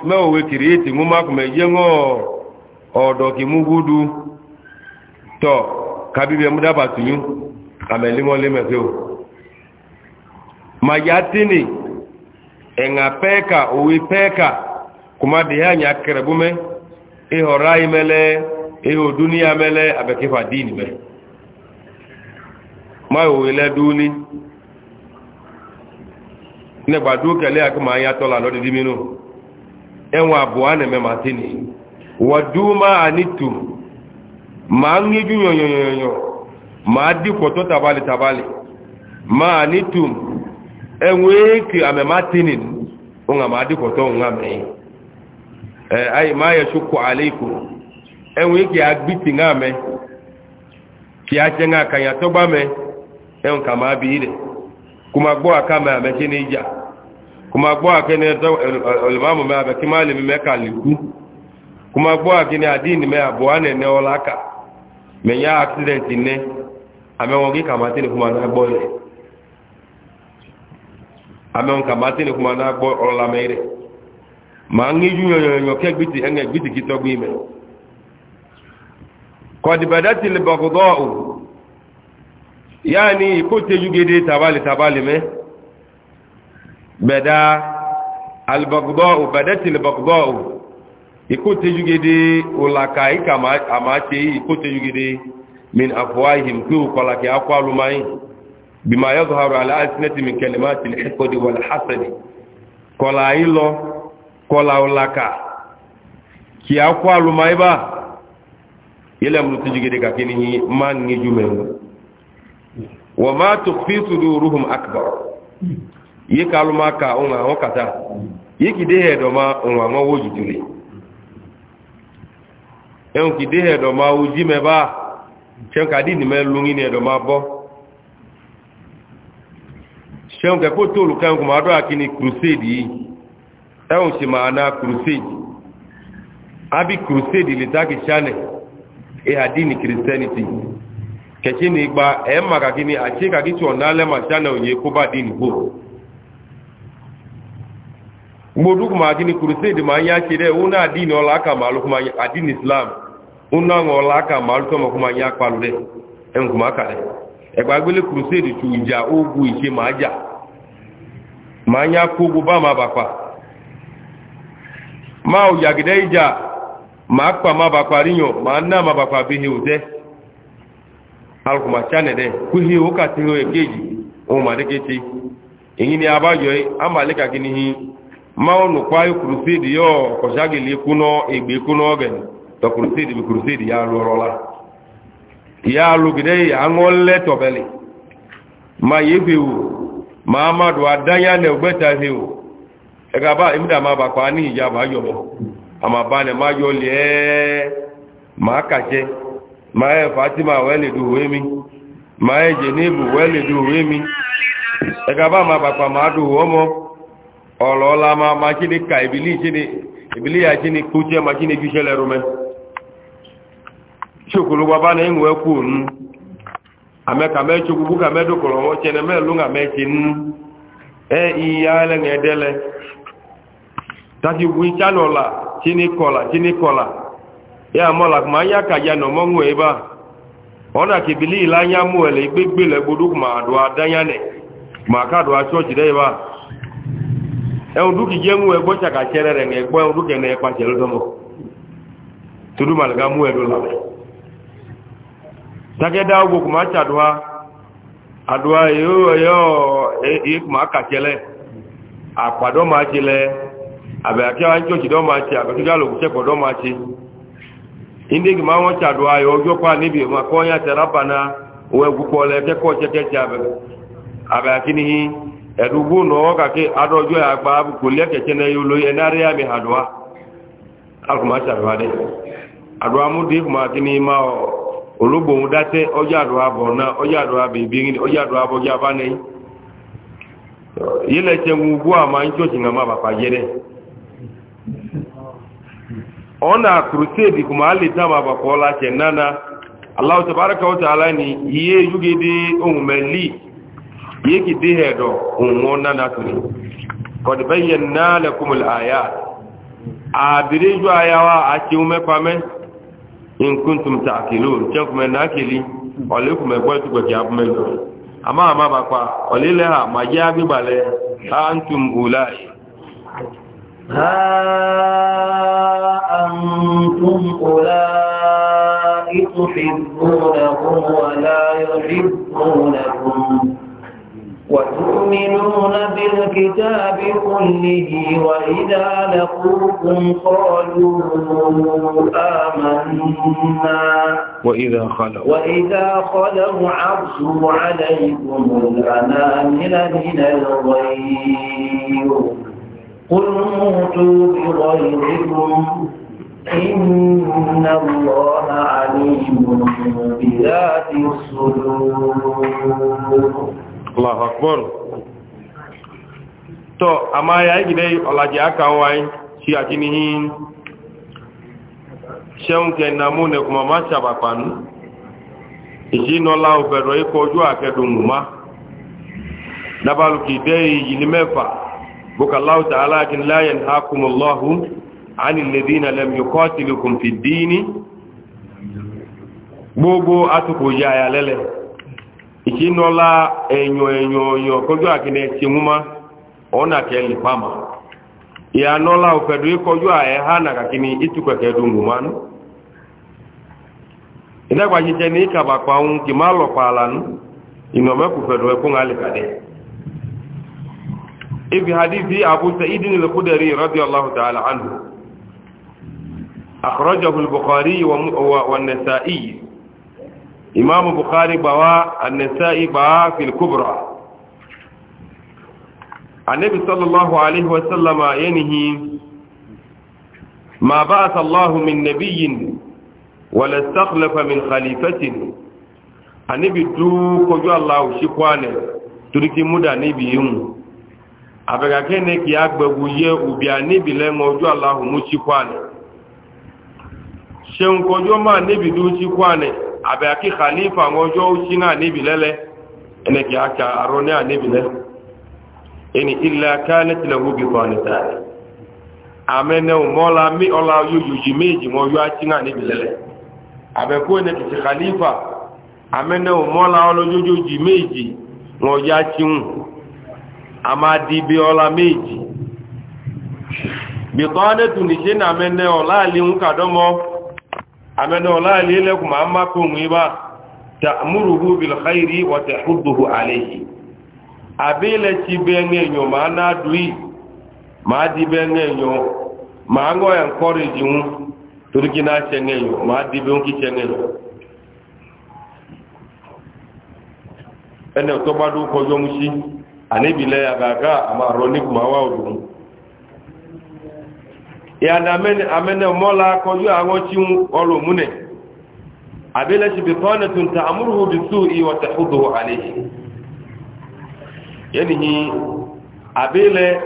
[SPEAKER 1] mẹ́wòwe kìrìyètì mú mákùnmẹ̀ yẹ́ngọ́ ọ̀dọ̀ kì mú gúdú tọ́ kàbíbẹ̀ mú dábà tìyún àmẹ́límọ́ lẹ́mẹ̀fẹ́ o mayatini ẹ̀ngà pẹ́ẹ̀kà òwe pẹ́ẹ̀kà kùmádìí ànyà kẹrẹ̀búmẹ́ ihò ráyí mẹ́lẹ́ ihò dúníà mẹ́lẹ́ àbẹ̀kífà díìnì mẹ́ máa òwe lẹ́dúní negbado kele ak ma anya tola dị didi minu enwe abụọ a na-eme matini waduma anitum ma nriju nyonyonyonyo ma tabali tabali ma anitum enwe ke amematinin ụnga ma dịkwọtọ mee ma ya chukwu alaiku enwe ke e, bi gbọ kuma gbọ́ àkíní olùmọ́mù mẹ́ abẹ́ kí máa lè mẹ́ kà lè kú kuma gbọ́ àkíní àdínì mẹ́ àbúwá nẹ̀ ní ọláka mẹ́yà àkídẹ̀ntì ní àmẹ́wọn kí kàmátí ní kuma náà gbọ́ lẹ̀ àmẹ́wọn kàmátí ní kuma náà gbọ́ ọlọ́lá mẹ́rẹ̀ ma ń yíjú yọ̀nyọ̀nyọ̀ kẹ́ bada albagbau badatil bagbau ikotejugede ulaka ika amache ikotejugede min afwahim ki ukolaki akwalumai bima yadhharu ala alsinati min kalimati alhiqdi walhasadi kola ilo kola ulaka ki akwalumai ba ile mutejugede kakini man ngijume wa ma tukhfi suduruhum akbar yi ka alụma ka ụmụ ahụ kata yi ka ide ha edoma ụmụ ahụ wo jutuli ewu ka ide ha edoma uji meba shem ka di nime lungi ni edoma bo shem ka ko tolu ka nkuma ado akini crusade yi ewu si maana crusade abi crusade litaki chane e adini christianity kẹ̀kí ni gba ẹ̀ màkàkí ni àti kàkí tí ọ̀nà alẹ́ màṣánà òye kó bá dín nìgbò mgbodu kuma gini crusade ma anya chere una adini ola aka ma alu kuma adini islam una ngo ola ma alu kuma kuma anya palu de en kuma ka de e gba gbele crusade chu nja ma aja ma anya kogu ba ma bakwa ma o yagide ija ma pa ma bakwa riyo ma na ma bakwa bihi ute alu kuma chane de kuhi o ka ti o ekeji o ma de kechi eyin ni abayo amaleka gini maunu kwayo crusade yo ko jagili kuno egbe kuno gen to crusade bi crusade ya lorola ya lugide ya ngole to bele ma yebewu ma amadu adanya ne ogbeta hewu ega ba imda ma ba kwa ni ya ba yo mo ama ba ne ma yo le ma kaje ma e fatima wele du e mi ma e jenebu wele du wemi ega ba ma ba kwa ma du omo ọlọ́ọ̀lá máa ma kí ni ka ìbílí ìṣẹ́ni ìbílí yà kí ni kú tí ẹ ma kí ni kí ṣẹlẹ̀ rúmẹ́ ṣòkòrò bàbá ní ìwọ̀ ẹkù nù àmẹ́ka mẹ́ṣọ́ gbogbo ka mẹ́dọ̀kọ̀rọ̀ wọn ṣẹlẹ̀ mẹ́lú ka mẹ́ṣẹ́ nù ẹ ìyá ẹlẹ́yìn ẹdẹ́lẹ́ tàbí wí sálọ̀là tí ni kọ̀là tí ni kọ̀là ẹ àmọ́là kò máa yá kàjá nà ọmọ ńwẹ̀ ọ̀nà kìbílí ìlà mú ẹ̀lẹ́ gbégbé lẹ́gbodò kò máa adáyánẹ̀ kò máa ká dọ̀ aṣọ́ọ̀ṣì Euduki jemu egocha ka cherere ngegbo euduke ne kwa cherodomo. Tudumal gamu edola. Takeda ugo kumacha dwa adwa yo yo ik maka chele. Akwado ma chele. Abe akia ancho chidoma achi abatujalo kuche kodoma achi. Indi kima wancha dwa yo ujo kwa nibi makonya terapa na uwe kukole teko cheke chabe. Abe akini hii ẹ̀dùgbò náà kàkí adọ́jọ́ àgbà kò lẹ́kẹ̀ẹ́kẹ́ náà yóò lóyẹ náà rí àmì àdúwá alùpùpù àṣàrùwá dẹ̀ àdúwá mú dé kùmà kí ni máa olóbòun dátẹ́ ọjọ́ àdúwá bọ̀ náà ọjọ́ àdúwá bèbí ọjọ́ àdúwá bọ́jọ́ abánẹ́yìn yílẹ̀ tẹ ń gbó àmà ń tó ṣìngà má bàbá yẹ dẹ̀ ọ̀nà crusade kùmà á lè tá àmà bàbá ọlá tẹ̀ nánà aláwọ̀ tẹ̀ bá yegi dihe do unwo na natuni kod bayyana lakum ayat abiriju ayawa ati ume pame in kuntum ta'qilun kuma na ole kuma gbo tu gbo jabu me lo ama ama ba kwa ole le ha ma ya bi bale antum ulai ha
[SPEAKER 2] antum ulai wa la yuhibbunakum وتؤمنون بالكتاب كله وإذا لقوكم قالوا آمنا وإذا خلوا وإذا خلوا عرضوا عليكم الأنامل من الغير قل موتوا بغيركم إن الله عليم بذات الصدور
[SPEAKER 1] allahu akbar to amma ya yi gidai olaji aka wai shi a jinihin namu ne kuma ma ṣabapanu ìṣínọlá òfẹ̀rọ ikọ̀ ojú àkẹdùnmù ma dabalùkì dẹ́ ìyí ní mẹ́fà bukaláwù tààlá akínláyẹn hakumullahu anìlèdínà lẹ́m yóò kọ́ gbogbo atukọ̀ yà yà ìtí nọlá ẹ̀yọ̀ ẹ̀yọ̀ ọ̀yọ̀ kọjú àkínẹ̀ ti mú má ọ̀nà kẹlì pàmà ìyá nọlá òfẹ̀dù ìkọjú àẹ̀há nàkàkíní ìtùkẹ̀kẹ́ dùnmù má nú ìdàgbà jíjẹ ní ìkàbàpà ohun kì má lọ pààlà nú ìnàmẹ́kù fẹ̀dù ẹkún alìkàdẹ́ ibi hadithi abu sa'id ni lukudari radiyallahu ta'ala anhu akhrajahu al-bukhari wa wa an-nasa'i imam bukhari bawa an-nisa'i bawa fil kubra annabi sallallahu alaihi wasallama yanihi ma ba'ath allah min nabiyyin wala istakhlafa min khalifatin annabi du ko jo allah shi kwane turiki muda nabi yun abega kene ki agbegu ye ubi anibi le ngo jo allah mu shi kwane sheun ko jo ma nabi du shi kwane abe aki khalifa ngojo uchina nibi lele ene ki aka arone nibi lele eni illa kanat lahu bi qanatani amene umola mi ola yuyuji meji ngoyo achina nibi lele abe ko ene ki khalifa amene umola olojojoji meji ngoyo achin amadi bi ola meji bi amẹ́nà láàrin ilẹ̀kùn máa má kó mú ibá tàmúrùhú bilhairi wàtẹ̀ húdùhù àlẹ́yìí àbílẹ̀ ti bẹ́ẹ̀ngẹ̀ èèyàn máa náà dùí máa di bẹ́ẹ̀ngẹ̀ èèyàn máa ngọ́ ẹ̀ńkọ́rẹ́jì ń torí kí náà ṣẹ̀ngẹ̀ èèyàn máa di bẹ́ẹ̀ kí ṣẹ̀ngẹ̀ èèyàn. ẹnì tó bá dún kọjọ́ mú sí àníbìlẹ̀ àmàrọ̀ nígbà wà òdùnú. yana na amene mola ko yu awo ti olu mune abila shi bi tanatun ta'muruhu bi su'i wa tahudduhu alayhi yani hi abile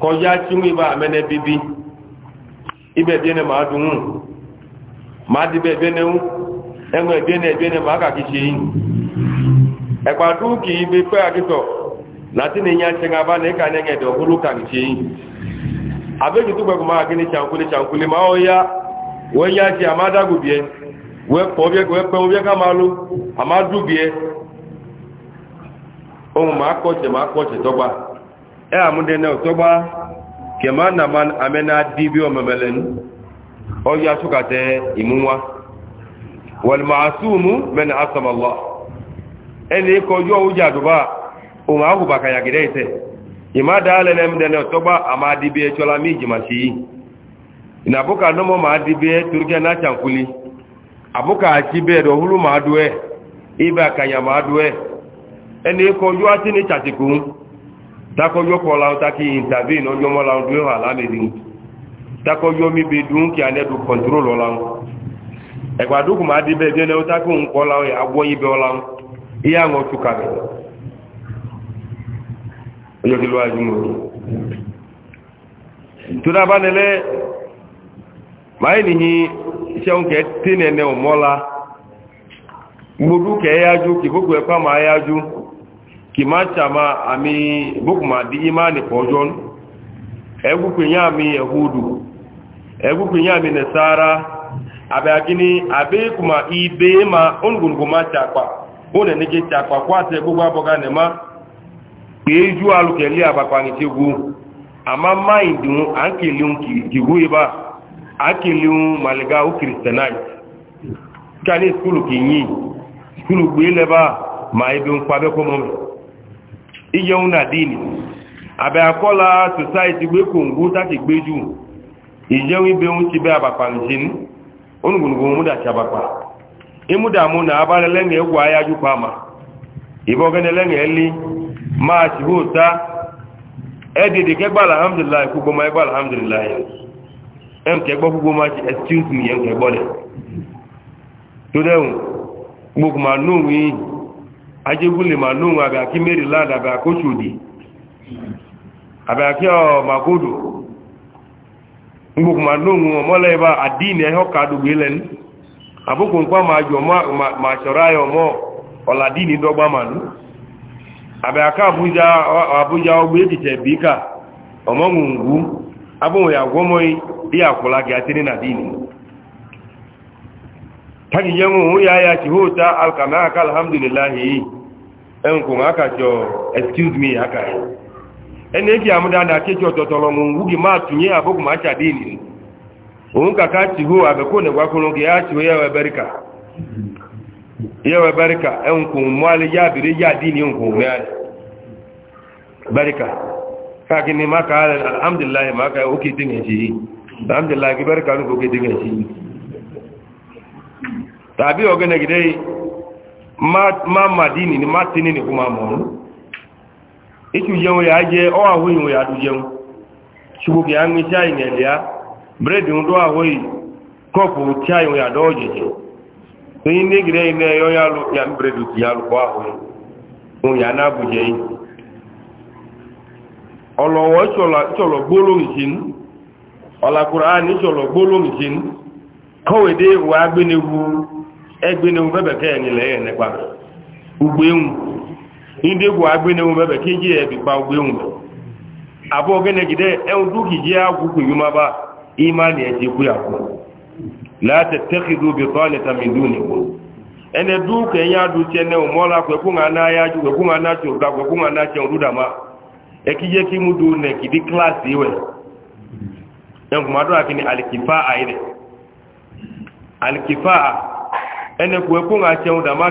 [SPEAKER 1] ko ya ti mu ba amene bibi ibe bi ne ma dun ma di be be ne u enwe bi ne bi ne ma ka ki se yin e pa tu ki bi pe akito lati ni nya se ga ba ne ka ne ge do ka ki se abegi tó gbẹ̀gbẹ̀ máa gíní a ṣàǹkulé máa ó yá wọ́n yá ṣe àmádàgùbí ẹ wẹ́pẹ́ obiẹ́ ká máa ló àmádùbí ẹ ohun máa kọ́ṣẹ̀ máa kọ́ṣẹ̀ tọ́gbà ọ àmúdẹ́nà tọ́gbà kẹmà nàmà àmẹ́nà dí bí ọmọmẹlẹ́nu ọyá ṣúkàtẹ́ ìmúwá wọ̀lùmọ̀ásùmù mẹ́nà asọ̀mọ̀lọ́ ẹni kọjú ọwọ́ jàdùbà ohun àhùbàkàyàgìdẹ́ ìtẹ́ ima daale ne mdene otoba ama adibie chola miji mashi inabuka nomo ma adibie turke na chankuli abuka achibe do hulu ma adue iba kanya ma adue eni ko ju ati ni chatiku ta ko yo ko lawo ta ki intervene ojo mo lawo du ha la medi ta ko yo mi bidun ki ane du control olawo egba du ku ma adibe de ne o ta ko nko lawo ya agbo yibe olawo iya ngo tukabe ọjọ́ kí ló wá jùmọ̀ tó dábá nílẹ̀ máa nìyí iṣẹ́ oúnjẹ tí nẹ̀nẹ̀ ọmọ́lá gbogbo kẹ́ yájú kì gbogbo ẹ̀pá máa yájú kì máa tàmà àmì gbogbo máa di imá nìkan ọjọ́ ẹgbùkù yá mi ẹ̀húdù ẹgbùkù yá mi nẹ̀sára àbẹ̀gíní àbẹ́kùmà ibẹ̀ máa ó nìgbòǹgbò máa tàpà ó kpeju alụkeli abakwanye chegwu ama mmanyị dịnwu akeliwu ebe a akeliwu maliga ukristenit kani skulu kinyi skulu gbele ebe a ma ebe mkpabekwom ijenwu na dini abịa kọla sosaiti gbekwongwu taki gbeju ijenwu ibenwu chibe abakwanjin onugwunugwu mụdachi abakwa ịmụda mụ na abalị lenge egwu ahịa jukwa ma ibe ogene lenge eli máa ṣe hó ta ẹ́dìdì kẹgbà alhamdulillah kúgbó máa ẹgbà e alhamdulillah ẹn kẹgbọ́ kúgbó ṣe excuse me kẹgbọ́ lẹ̀ tó dẹ́hùn gbogbo maryland ọmọkódò gbogbo àdínì ẹ̀họ́ kàdùgbé lẹ́nu ma jọ ma ọ̀làdínì dọ́gbà oh, ma nù abe aka abuja abuja ogbe ekiche bika omongwu abụghị agwọmoi dị akwụla gị atịrị na dini ta gije nwe ya ya chihe ụta alkana aka alhamdulillah yi enkwụ aka chọ excuse me aka ya ene eji amụda ada achịcha ọtọtọrọ ngwụ gị ma tụnye abụghị ma acha dini onwe ka ka chiho abekwo na gwakwuru gị ya chiho ya yewe barika enkun eh, mwali yabiri ya dini enkun mwali barika kaki ni maka ala alhamdulillah maka oke dinga shi alhamdulillah ki barika dinga shi tabi ogene gidei ma ma madini ni ni kuma mon ichu yewe ya je o ahuyin ya du jeun shugo ki angi chai ngelia ya onye ndị egire yi onye alụ ya mberedu ti ya alụkọ ahụ onye a na-abụje yi ọlọwọ chọlọ gbolo njin ọlakwuru anyị chọlọ gbolo njin kọwede wa agbenewu ya ji ya ebikwa ugbenwu abụọ gịnị gide ewu dukiji agwụkwụ yumaba ime a na ya láti tẹ́kìdú bí tọ́lẹ̀ta mìdú nìgbò ẹni dúkẹ̀ yẹn adúchẹ́ ní ọmọlá pẹ̀kún anáyájú pẹ̀kún anáṣẹ́ ọ̀gá pẹ̀kún anáṣẹ́ ọdúdàmá ẹkíyẹ́ kí mú dúró nẹ̀ kìdí kíláàsì wẹ̀ ẹnkùnmádọ́ àti ní alìkìfá àìrẹ̀ alìkìfá ẹni pẹ̀kún anáṣẹ́ ọdúdàmá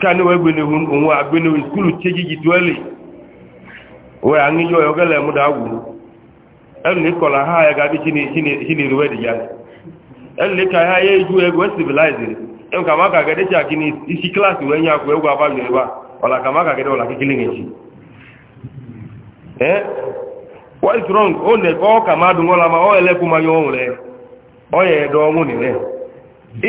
[SPEAKER 1] kani gbe gbene hun on wa gbene hun kulu cheji ji dole wo yo yo gele mu da wu en ni ha ya ga bi chini chini ya en ni ka ha ye ju e go civilize en ka maka ga de cha isi class nya ko e go aba yo ba ola ka maka ga de ola kikili ngi eh what is wrong o ne ko ka ma du ngola ma o ele ku ma yo o ye do ni le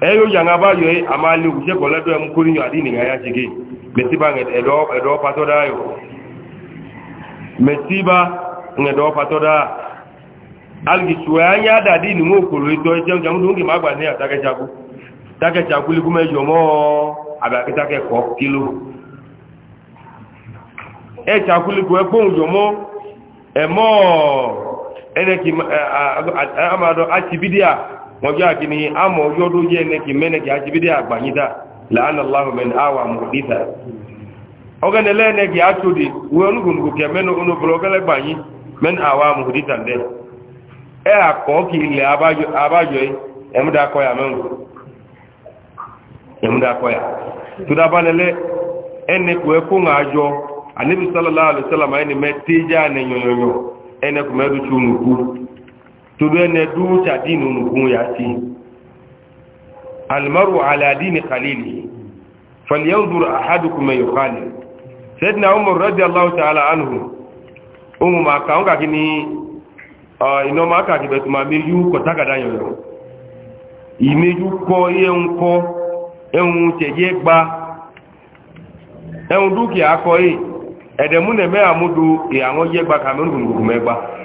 [SPEAKER 1] eyo yanga ba yo ama le ku je ko la do am ko ni yo adini ga ya jige metiba nge edo edo pato da yo metiba nge do pato ni mo ni atake jagu take jagu li ku me yo mo aba ke take ko kilo e jagu li ene ki amado ati bidia mọjọ́ àkíní àmọ̀ yọ́dún yẹ́ ẹnẹ́kì mẹ́nẹ́kì àjíbídé àgbàyídá láàánàláhùmẹ́ni àwà mọ̀díta ọgẹ́nẹ̀lẹ́ ẹnẹ́kì àtòdì wọ́nùgùnùgù kẹ mẹ́nu mụ ọgẹ́lẹ́gbàyí mẹ́nu àwà mọ̀díta dẹ́ ẹ àkọ́ kí ilẹ̀ abájọ́ ẹmúdàkọ́yà mẹ́rin ẹmúdàkọ́yà tó dábánilẹ́ ẹnẹ́kù todo ene du ta dinu nukun ya ti almaru ala dini khalili falyanzur ahadukum man yukhalil sayyidina umar radiyallahu ta'ala anhu umu ma ka onga kini uh, ino ma ka ki betuma meju ko takada yoyo imeju ko yeun ko ehun teje gba ehun dukia ko e. edemune me amudu e awon je gba ka me gba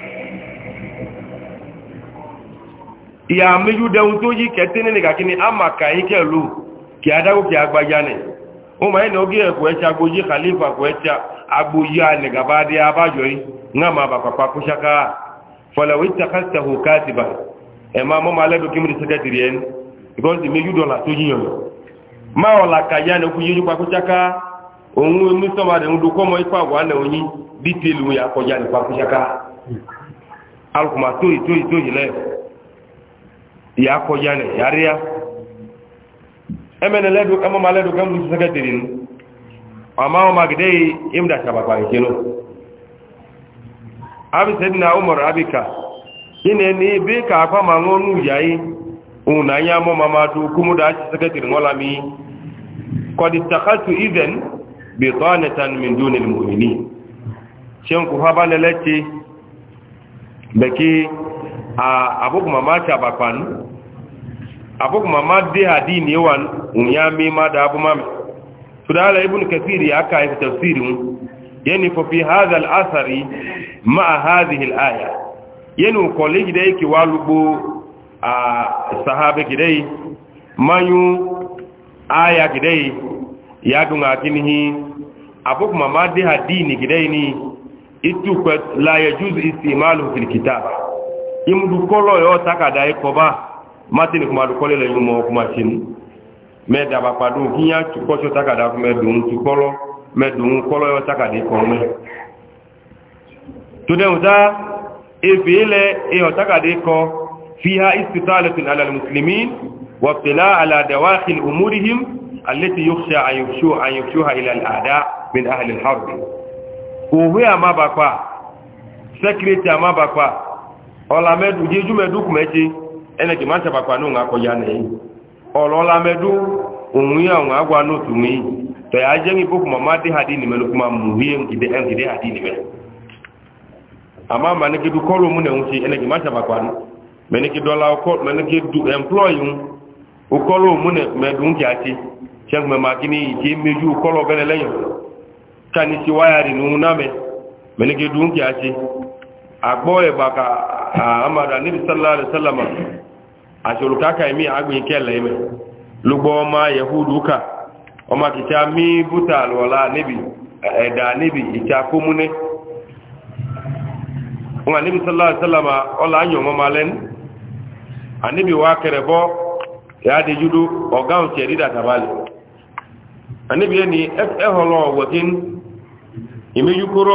[SPEAKER 1] ìyá méjú dẹun tó yí kẹtí nínú kàkí ni a máa kàáyí kẹlú kí adágó kí agbájá nì ó máa ní ọgí ẹ̀kọ́ ẹ̀ṣà agbójí khalifa kọ́ ẹ̀ṣà agbójí anìgàbá dé abájọ yìí ńlá máa bà pàpà kú ṣáká fọlẹ̀wé takásítà hù káàtìbà ẹ̀ máa mọ́ máa lẹ́dọ̀ kí mírí sẹ́kẹ́tìrì ipa wà náà oyin bí tèlú yà kọjá ní pàkú ṣáká alùpùpù lẹ́yìn ya kọjá nì ya rí ya ẹmẹ́ni lẹ́dù ẹmọ́mà lẹ́dù kẹmù sí sẹ́kẹ́tìrì ní ọmọ ọmọ gidẹ́ ìmdà sàbàbà ìkínú abisẹ́dì na umar abika yínẹ̀ ní bí ka àpámà ń nù yáyí òun náà yá mọ́ ma máa dùn kúmú dá sí sẹ́kẹ́tìrì wọ́n lámì kọ̀dì takàtù ìzẹ̀n bí tọ́nẹ̀tàn mìndú ní mòmìnì ṣe ń kò fábánilẹ́tì bẹ̀kí abok mama chaba kwan abok mama de hadini wan unyami mada abu mami tudala ibn kathir aka yi tafsiri mu yani fa fi hadha al athari ma hadhihi al aya yani kolegi dai ki walugo a sahabe gidai mayu aya gidai ya dunga kinihi abok mama de hadini gidai ni itu la yajuz istimalu fil kitaba imudu kolo yo takada e koba matini kuma du kolele yumo kuma tin me daba padu kinya tu koso takada kuma dun tu kolo me dun kolo yo takada ko me to de uta e file e yo takada ko fiha istitalatun ala almuslimin wa ibtila ala dawakhil umurihim allati yukhsha an yufshu an yufshuha ila alada min ahli alharb ko huya mabakwa secretary ọla mẹ́dù jí jú mẹ́dù kùmẹ́tí ẹnẹ kì máa ṣàpàpà ní òun akọjá nìyí ọ̀rọ̀ ọla mẹ́dù òun yà òun agwa nóòtù mi tọ̀yà jẹ́ ní bókù màmá dé hàdí nìmẹ́ ló kú máa mú rí ẹnkìdé ẹnkìdé hàdí nìmẹ́ àmá mà ní kíkú kọ́rọ̀ mú nẹ̀hún ṣe ẹnẹ kì máa ṣàpàpà ní mẹ́ni kí dọ́là ọkọ̀ ń ọkọ̀rọ̀ ní ìdí méjú ọkọ̀rọ̀ bẹ́ẹ̀ dùn kí akpɔ eba ka amadu anibi sallallahu sallama wa sallam asoluka ka mi agbin kɛlɛ yi mɛ lugbɔ ɔma yahudu ka ɔma kitsa mi buta alwala anibi ɛda anibi itsa komune ɔma anibi sallallahu sallama wa sallam ɔla anyɔ mɔma lɛ nu anibi wa kɛrɛ bɔ yaadi judo ɔgaŋ tsɛ di data ba li anibi yɛ ni ɛhɔlɔ e, e wɔtin imejukorɔ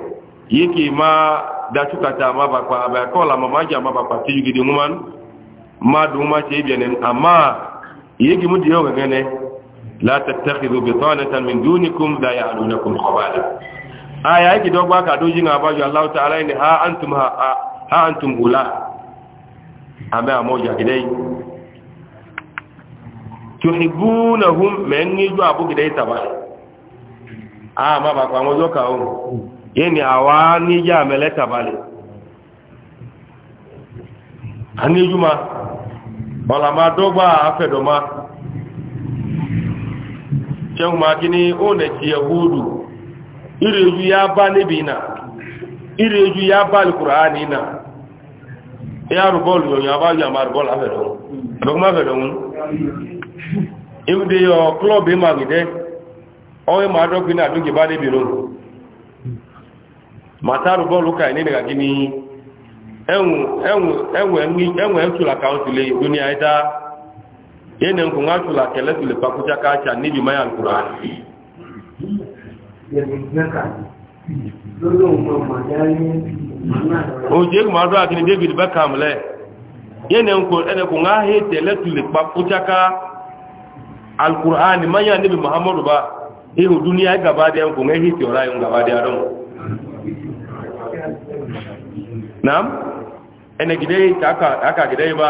[SPEAKER 1] yiki ma dacukata ma bakpa abakola ma maja ma bakpa tijugidi ŋuman ma duma ce ibiyenen amma yiki mu diyo gagene la tattakhidu bitanatan min dunikum la ya'lunakum khabala aya yiki dogba ka doji nga baju allah ta'ala ni ha antum ha ha antum ula ame amoja kidai tuhibbunahum man yiju abu kidai tabai a ah, ma bakpa mojo ka o yẹni àwa níjà mẹlẹta balẹ aníjúmá ọlàmà dọgba afẹdọmá sẹhùnmá kíní ó nà ti ẹwúrú ìrèjú yá bá níbi iná ìrèjú yá bá lùkùrá nínà yá rúbọọlù na ya àmà rúbọọlù afẹdọmú ẹdọkùnmá afẹdọmú ìwúde yọ klọọbù mataru bọ́ọ̀lù ka ní nìgbà gini ẹwẹ̀ ẹ̀tùlà ka ọ̀tùlẹ̀ dúnìá kele yẹ́nà nkùn átùlà kẹlẹ́tùlẹ̀ pàkújá káàkiri níbi mayan kùrà òjò ẹgbùn adọ́ gịnị david beckham lẹ yẹ́nà nkùn e áhẹ́ tẹ̀lẹ́tùlẹ̀ pàkújá ká alkùrà ní mayan níbi muhammadu ba ihò dúnìá gabadẹ́ nkùn ẹ̀hìtì ọ̀rá yóò gabadẹ́ adọ́mù nam ene gide aka aka gide ba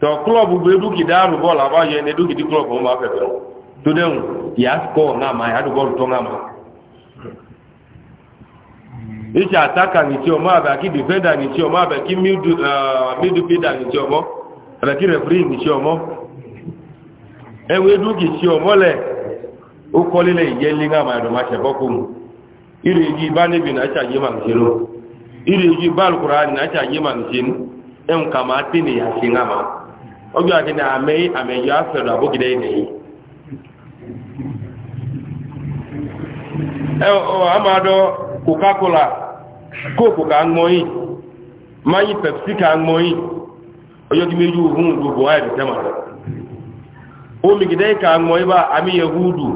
[SPEAKER 1] to club gbe du ki daru ball aba ye ne du ki club o ma fe fe to den ya score na ma ya du ah, ball to na ma iṣẹ́ àtàkà ba tí ọmọ àbẹ̀ àkí dìfẹ́dà ní tí ọmọ àbẹ̀ kí mídùfídà ní tí le, àbẹ̀ kí rẹ̀fúrí ní tí ọmọ ẹwẹ́ dúkì tí ọmọ lẹ̀ ó kọ́ lílẹ̀ ìyẹ́lé ní àmà ìrọ̀máṣẹ̀bọ́kùnrin irú ìdí ìbánibì náà ṣàyẹ́mà ìṣẹ́lọ́ ireji balkurani na ta yi mamcin ɗin kamati ne ya shi ngama ojú àti ní àmì àmì ìyá fẹ̀rọ àbókìdẹ́ ilẹ̀ yìí ẹ̀wọ̀ àmàdọ́ coca-cola coke ka ń mọ́yìn mayi pepsi ka ń mọ́yìn ọjọ́ kí méjì òhun gbogbo àìrí tẹ́mà rẹ̀ omi gidẹ́ ka ń mọ́yìn bá àmì yehudu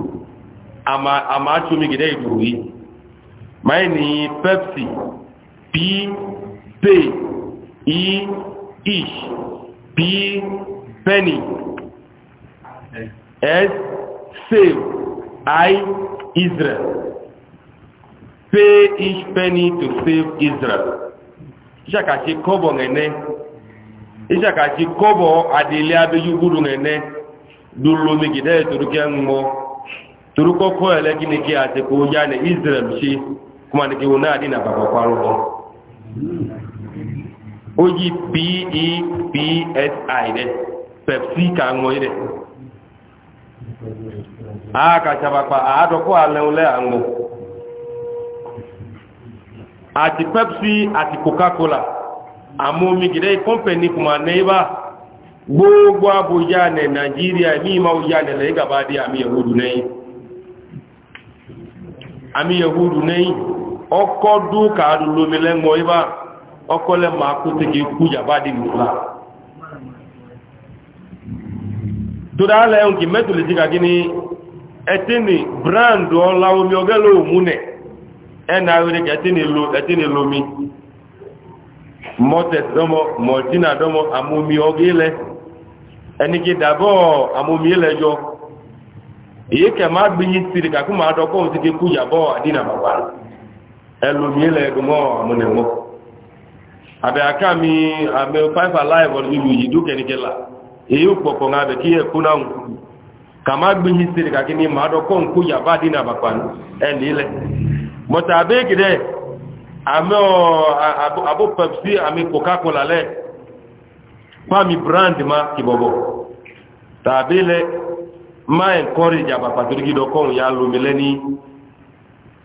[SPEAKER 1] àmà àti omi gidẹ́ ìdùrú yìí mayi ni pepsi P, P, e e I, Ish, e P, Penny, S, Save, I, Israel. Pay each penny to save Israel. Ishakachi kobo ngene. Ishakachi kobo adile abeju guru ngene. Dulu migide turukia ngumo. Turuko koele kini kia ateko ujane Israel mshi. Kuma nikiwuna adina baba kwa roho. O ji e pepsi kaŋa ɖe. A katsi a ka fàkpa a a dɔ kɔ alɛ o le aŋgo. Ati pepsi ati koka kola amewo miki ɖe kuma na ya va gbogbo abu dze ane nigeria mi mawu dze ane n'gaba de ami yevu du na ye. ami yevu du na ye. ọkọ dú kàádù lómi lẹ́ngọ́ ibá ọkọ lẹ́ máa kú tẹ́kì kú jàbá dì nìfà tó dáa lẹ́yìn kì mẹ́tò lè jíkà gíní ẹtìní brand ọlá omi ọgẹ́ e ló múnẹ̀ ẹ̀nà rẹ̀ ẹtìní lómi mọ́tẹ̀s dọ́mọ mọ̀tínà dọ́mọ àmómi ọgẹ́ lẹ ẹni kẹ̀ má gbìyìn sí kàkú máa dọ́kọ́ òun ti kú jàbọ̀ àdínà bàbá rẹ̀ ẹlù mi lẹ́gbọ́ àmúnẹ̀mọ́ àbẹ̀ àká mi àmẹ́ 5 alive ọdún ìlú yìí dúkẹ́ ní gẹ́là èyí pọ̀pọ̀ ní abẹ̀ kí yẹ kó náà kúrù ka má gbíhì sí ìrìkàkí ní màádọ́kọ́ ń kó yàbá dín ma encourage abapa torí gidọ́kọ́ ya lómi lẹ́ni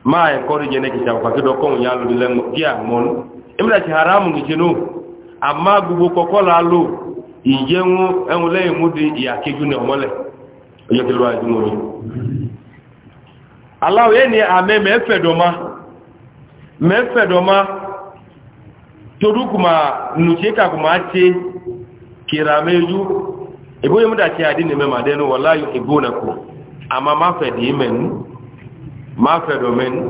[SPEAKER 1] ma e kori jene ki chaw pakido ko nyalu dilen kia mon imra ci haramu ni jeno amma gubo kokola lu ijenwu enule mudi ya keju ne omole oyo ki lwa jumo ni allah ye ni ame me fedoma me fedoma torukuma nucheka kumache kirameju ibo yemuda ci adini me madenu wallahi yuhibunakum amma ma fedi imenu ma fẹ̀dọ̀ mẹ́ni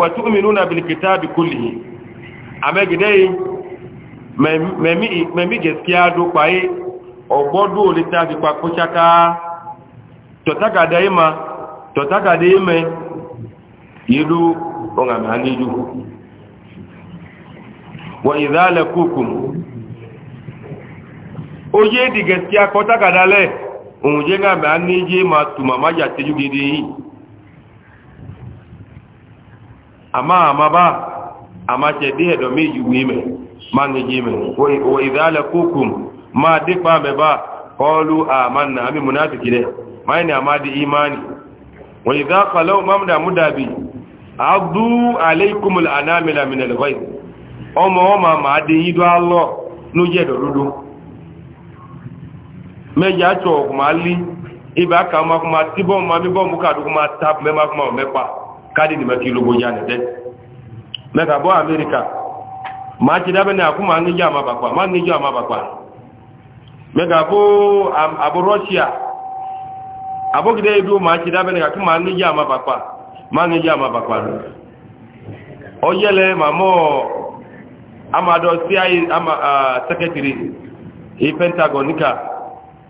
[SPEAKER 1] wàtúmìnúnà bìlìkìtà bí kúlì amẹ́gidẹ́ yìí mẹ́mí gẹ̀ẹ́sìkíá dó pàáyé ọgbọ́dú olítà fi pàkó ṣaká tọ̀tàkàdá yìí ma tọ̀tàkàdá yìí mẹ́ yìlú ọ̀gàmì àníjú wọ ìdálẹ̀ kúkùn ó yé di lẹ́ẹ̀ òun jẹ́ gàbà níjé ma tùmà má yà tẹ́jú gidi yìí àmá àmá bá àmá tẹ́ ẹ̀dọ̀ méjì wí mẹ́ má níjé mẹ́ wọ ìdálẹ̀ kókùn má dé pa kọlu àmá nà ámì múnáfìkì àmá di imani wọ ìdá ọmọ mɛdze atsɔ kuma li ibe aka ma kuma ti bɔn ma mi bɔn mu ka do kuma ta mɛ kuma o mɛ kpa kadi ni mɛ ki lobo ya ni mɛ ka bɔ amerika maa ti dabe ne a kuma anidze ama ba kpa ma anidze ama ba kpa mɛ ka bo abo rɔsia abo gidi edu maa ti dabe ne ka kuma anidze ama ba kpa ma anidze ama ba ah, kpa ɔyɛlɛ mamɔ amadɔ cia ama sɛkɛtiri i pentagon nika.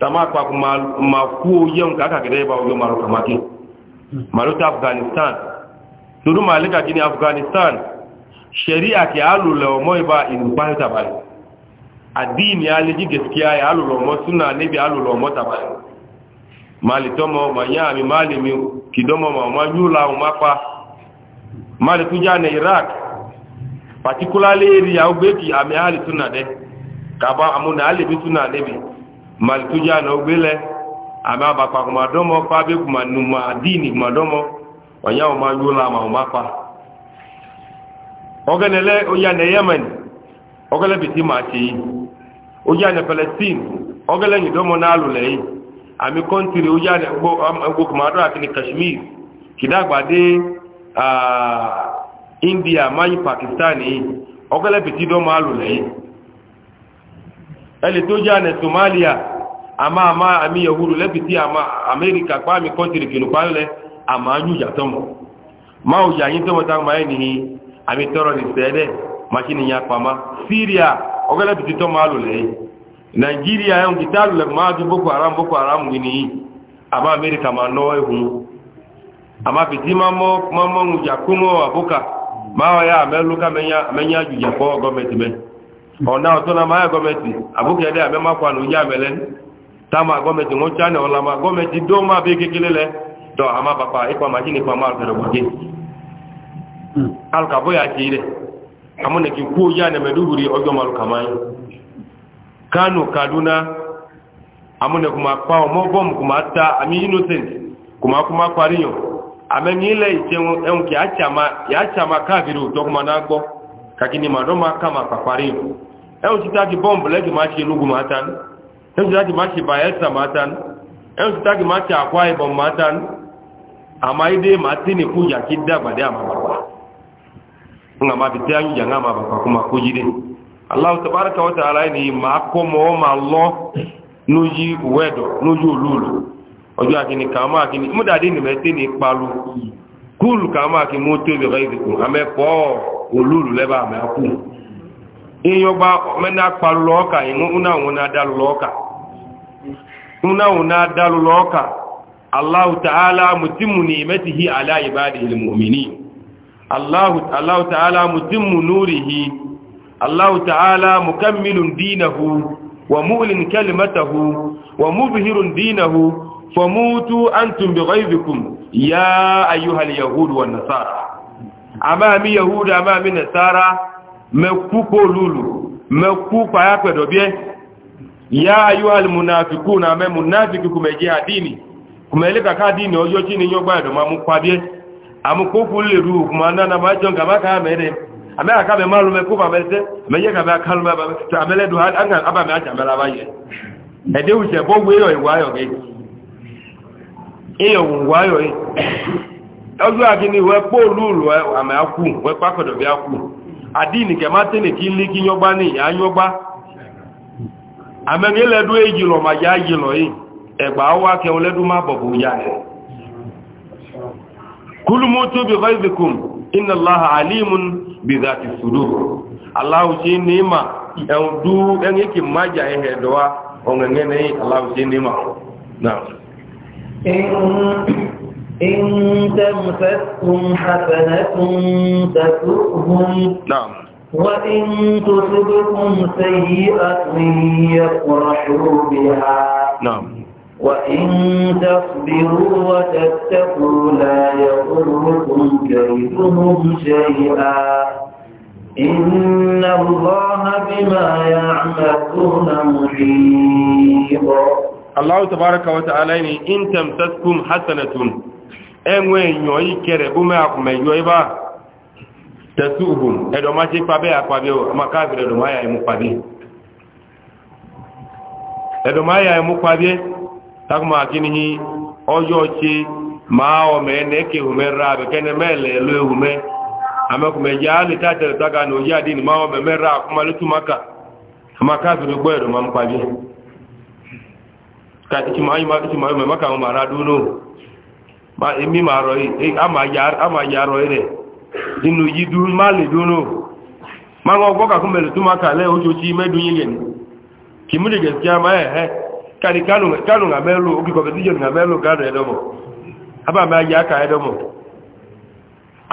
[SPEAKER 1] tama kwa ma kuo yem kaka gede ba yo maro kamaki maruta afghanistan dudu malika gini afghanistan sharia ki alu le mo ba in ba ta ba adini ya leji gaskiya ya alu lo mo suna ne bi alu lo mo ta ba mali tomo ma ya mi mali mi kidomo ma ma nyula ma pa mali tuja ne iraq particularly area ubeki ame hali tuna de kaba amuna hali bi tuna ne bi malituja na ogbele ama abakpa kuma dɔmɔ kpa bi kuma numa diini kuma dɔmɔ wanya o ma yo la oya ne yemen ɔgɛlɛ biti ma tse yi oya ne palestine ogele nyi dɔmɔ n'alu lɛ yi ami kɔntiri oya ne gbo gbo kuma dɔ kashmir kidagba de aa ah, india mayi Pakistani, yi ɔgɛlɛ biti dɔmɔ alu ẹni tó jẹ́ ànẹ̀ somalia àmà àmà àmì yahudu lẹ́pìtì àmà amẹ́ríkà pàmì kọ́ntìrì kìlù pálẹ̀ àmà anyújà tọ́mọ̀ máa ò yà yín tọ́mọ̀ tá máa ẹ̀ nìyí àmì tọ́rọ ní sẹ́ẹ̀dẹ̀ màṣínì yà pàmà syria ọgọ́lẹ́pìtì tọ́mọ̀ àlò lẹ́yìn nàìjíríà ẹ̀hún kìtà àlò lẹ́kùn máa dún boko haram boko haram wì nìyí àmà amẹ́ríkà máa nọ́ ẹ̀hún àmà pìtì máa mọ́ ń jà kúmọ̀ àbúkà máa yà àmẹ́lú ọ̀nà ọ̀tọ́ na máa gọ́mẹ̀tì àbúkẹ́dẹ́ àmẹ́mákwànù yá mẹ́lẹ́ táàmà gọ́mẹ̀tì wọ́n chánà ọ̀làmà gọ́mẹ̀tì dó máa bí kékeré lẹ tọ́ àmà pàpà ipa màjí nípa máa fẹ̀rẹ̀ wọ́jẹ́ alùkàbóyà ti rẹ̀ amúnẹ̀kì kú yá nà mẹ́dúgùrí ọjọ́ malùkàmáyé Kanu kaduna amúnẹ̀kù máa pa ọmọ bọ́m kù máa ta àmì innocent kù máa kú máa paríyàn àmẹ́ni ilẹ̀ ìṣẹ́ kakini madoma kama kakwarimu eu sitaki bombo leki machi lugu matan eu sitaki machi bayelsa matan eu sitaki machi akwai bom matan amaide matini kuja kidda bade ama baba nga mabite anyu janga ma baba kuma kujide allah tabaraka wa taala ni ma komo ma lo nuji wedo nuji lulu ojo akini kama akini mudade ni metini palu kul kama akini mutu bi ghaizikum ame po olulu lẹ́bàá àmì akú ìyọba mẹ́ta palu lọ́ọ̀kà ìnáwó náà dálù lọ́ọ̀kà ìnáwó náà dálù lọ́ọ̀kà aláwù tààlà mùtìmù ní ìmẹ́tìhí aláìbáàdì ilmùmìnì aláwù tààlà mùtìmù núrìhí aláwù tààlà mùkàmmìlùn dínàhù wa múlin kalimatahu wa múbihirun dínàhù fọmútú an tùmbìghaibikum ya ayyuhal yahudu wa nasara àmá mi yahudu àmá mi nasara mẹ́kú kó lùlù mẹ́kú pàyà ya ayú alìmùnàfikú na mẹ́ mùnàfikú kùmẹ̀ jẹ́ àdínì kùmẹ̀ ilé kàkà àdínì ọjọ́ tí ni yọgbà ẹ̀dọ̀ máa mú pàbíẹ́ àmúkókù lè rú kùmà náà máa jọ gàmákà mẹ́rẹ̀ àmẹ́ àkàbẹ̀ máa lùmẹ́ kó bàbẹ́ sẹ́ mẹ́yẹ́ kàbẹ́ akálùmẹ́ àmẹ́lẹ́dọ̀ àbàmẹ́ àjàmẹ́lá báyẹ̀ ẹ̀dẹ́ òṣèbọ́ wé ọjọ́ àgíní wẹ́ pọ́ olóòlù àmì akú wẹ́ pákọ̀dọ̀ bí akú àdínì kẹmá tẹ́lẹ̀ kí lé kí yọgbá ní ìyá yọgbá àmẹ́rin lẹ́dú ma yá yìí lọ yìí ẹgbà wá kẹun lẹ́dú má yá rẹ̀ kúlùmú tó bí
[SPEAKER 2] ma إن تمسكهم حسنة تسؤهم نعم وإن تصبكم سيئة يفرحوا بها نعم وإن تصبروا وتتقوا لا يضركم كيدهم شيئا إن الله بما يعملون
[SPEAKER 1] محيط الله تبارك وتعالى إن تمسكم حسنة enwe enyo ikere ume akumeyo iba tasubum edo machi pabe akwabe makavire edo maya imukwabe edo maya imukwabe takuma akini hi ojo chi ma o lo ehume amekume no ni ma mera maka ma maka ma emi ma rọ yìí ama ya rọ yìí rẹ inú yìí dún má lè dúnú ma ń ọgbọ́ kàkún mẹ́lẹ̀ tó máa kàlẹ̀ oṣooṣi mẹ́dún yìí lè ní kì mú dìgẹ̀ sí àmà ẹ̀ẹ́ kárí kánù nà mẹ́lò ogi competition nà mẹ́lò gánà ẹ̀dọ́mọ̀ abá ma ya ká ẹ̀dọ́mọ̀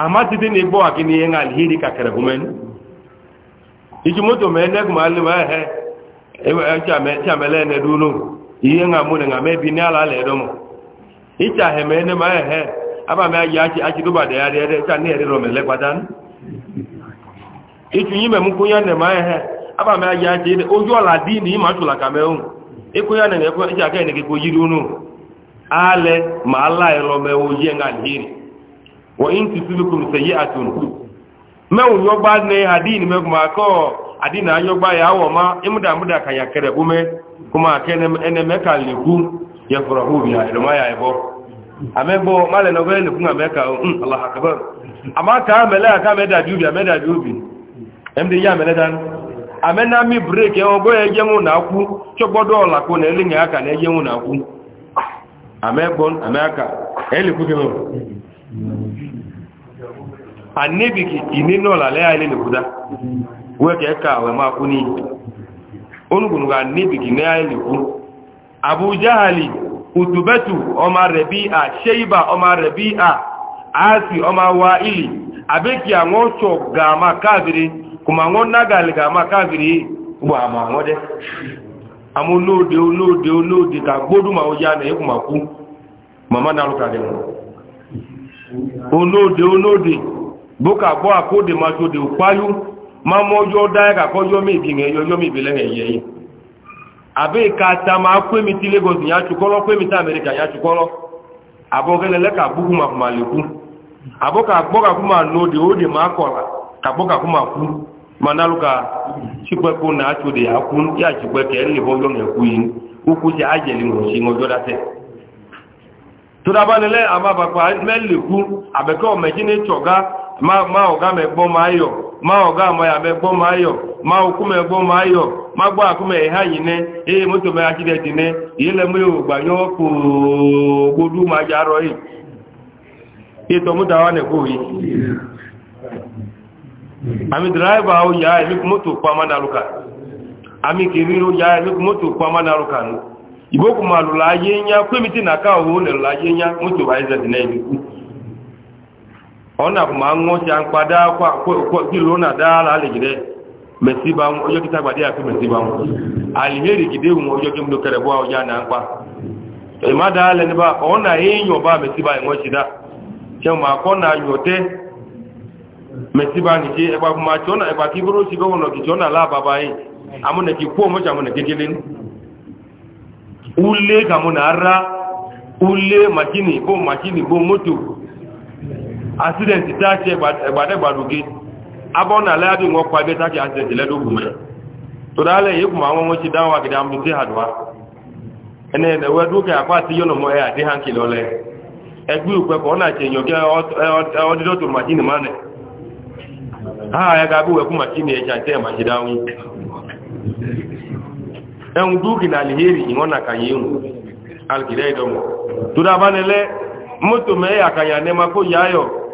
[SPEAKER 1] àmá títí ní gbọ́ àkíní yẹn àlìhírí kàkẹrẹ̀ fún mẹ́nu ìjú mọ́tò mẹ́ẹ̀ẹ́nẹ́gùn máa lè máa ẹ̀ẹ́ icha heme ene ma ehe aba me aji achi achi duba de yare yare ni ere ro mele padan ichu yime mu kunya ne ma ehe aba me aji achi de ojo la di ni ma tula ka meun ikuya ne ko icha ka ne ko yiru nu ale ma ala ero me oje nga wa in tusibukum sayi'atun un yo ne hadin me na yo ya wo ma imuda muda kan ya kere bume kuma kene ene ya furahu amegbo male na gwe na ameka o mm, mm, allah akbar ama ka amele aka meda jubi ameda emde ya amele dan amena mi break e ogbo eje na ku chogbodo ola ko na elinye aka na eje na ku amegbo ameka eli ku ki la le ale we ke ka e we ma ga ki ne ale utubetu ọma rebia sheiba ọma rebia asi ọma wa ili abeki àwọn ọ̀ṣọ́ gàmà káàkiri kùmà wọn nágàlì gàmà káàkiri gbọ́ ma wọn dẹ́ àmú olóòdè olóòdè olóòdè ka gbódùmà ó yá nà ẹkùn mà kú màmá náà ló nge abe ka ta ma kwemiti lagos ya chụkọrọ kwemiti amerịka ya chụkọrọ abụghịlele ka abụghị ma ma kwụmalekwu abụ ka ka agbọghakwu ma n'ode ode ma akọla ka ka agbọghakwu ma kwu mana alụka chikwekwu na de ya ku ya chikwe ka ele bụ ọjọ na-ekwu yi ukwu ji ajeli nwụchi n'ọjọ date tụdabanile amabakwa melekwu abekọ mechi na ịchọga ma ma ọ̀gá mẹ́gbọ́n máa yọ̀ ma ọ̀gá àmọ́yà mẹ́gbọ́n máa yọ̀ ma okú mẹ́gbọ́n máa yọ̀ ma gbọ́ àkúmẹ̀ ẹ̀há yìí ní èyí mọ́tò mẹ́ ajídẹ̀dì ní ìyẹ́lẹ̀ mú yóò gbà yọ́ máa já rọ yìí ètò yìí àmì dìráìbà ó ẹ̀mí mọ́tò pa àmì ó ẹ̀mí mọ́tò pa àlùlà ayé yá pé mi ti ayé yá mọ́tò Ọna kuma an ngoce an kwada kwa kilo na da la le gide mesi ba mu ojo kita gbadi afi mesi ba mu alheri gide mu ojo kim do kare bo na npa e ma da le ni ba ona yin yo ba mesi ba ngoce da che ma na yote Mesiba ba ni ti e ba ma chona e ba ki buru si go no ki chona la baba yi amuna ki ko mo cha mo ne kekelin ule ka mo na ara ule machini bo machini bo moto accident táàkì ẹgbàdẹ́gbàdù gé abọ́nà aláàbí wọn pa ẹgbẹ́ táàkì accident lẹ́dọ̀gùn mẹ́ tó dálẹ̀ yìí kùmọ̀ àwọn wọn ti dáhùn àgìdá mú sí àdúrà ẹni ẹ̀wẹ́ dúkẹ́ àpá àti yọ̀nà mọ́ ẹ àdé hàn kìlọ̀ lẹ ẹgbẹ́ òpẹ́ kọ́ náà ṣe yàn a ga ẹ̀ màṣí ya mọ́tò kó yáyọ̀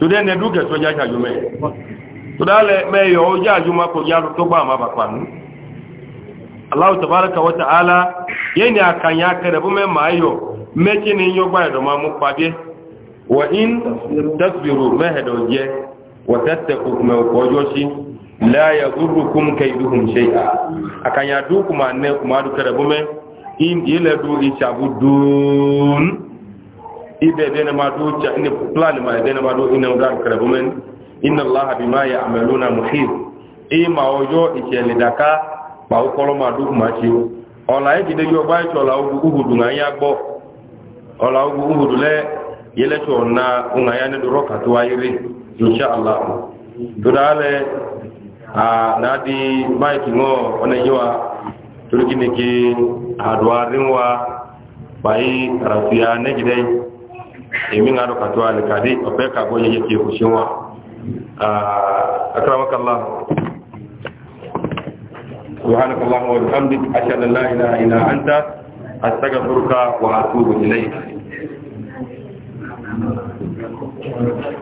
[SPEAKER 1] tòdẹ́ ní ẹdún kẹsàn-án jájà jù mẹ́ tòdẹ́ alẹ́ mẹ́yọ̀ ó já àjùmọ́ kò já tó gbà má bàpà nù aláwọ̀ tàbárakà wọ́ta alá yẹ́ ni àkànyà kẹrẹ bó mẹ́ máa yọ mẹ́kí ni yọ gbá ẹ̀dọ̀ máa mú pàdé wà in tẹ́sìrò mẹ́hẹ̀dọ̀ jẹ́ wà tẹ́sẹ̀ kòkùnmẹ̀ ọjọ́ sí láyà gúrùkún kẹ́ìdúhùn ṣe àkànyà dúkùnmà nẹ́kùnmà dúkẹrẹ bó mẹ́ in ilẹ̀ dú ìṣàbùdùn ibe dene ma do cha ne plan ma dene ma do ina ngar karabo men inna allaha bima ya'maluna muhit e ma ojo ichele daka pa o kolo ma do ma chi o ola e gide yo ba cho la ugu ugu du na ya gbo ola ugu ugu du le yele to na unga ya ne do roka to ayire insha allah do dale a nadi mike ngo ona yiwa turkine ke adwarin wa bai rafiya na gidai emi ŋa do ka to ale ka di o bɛɛ ka bɔ yeye k'e kusi wa akramakallah سبحانك اللهم وبحمدك اشهد ان لا اله الا انت استغفرك واتوب اليك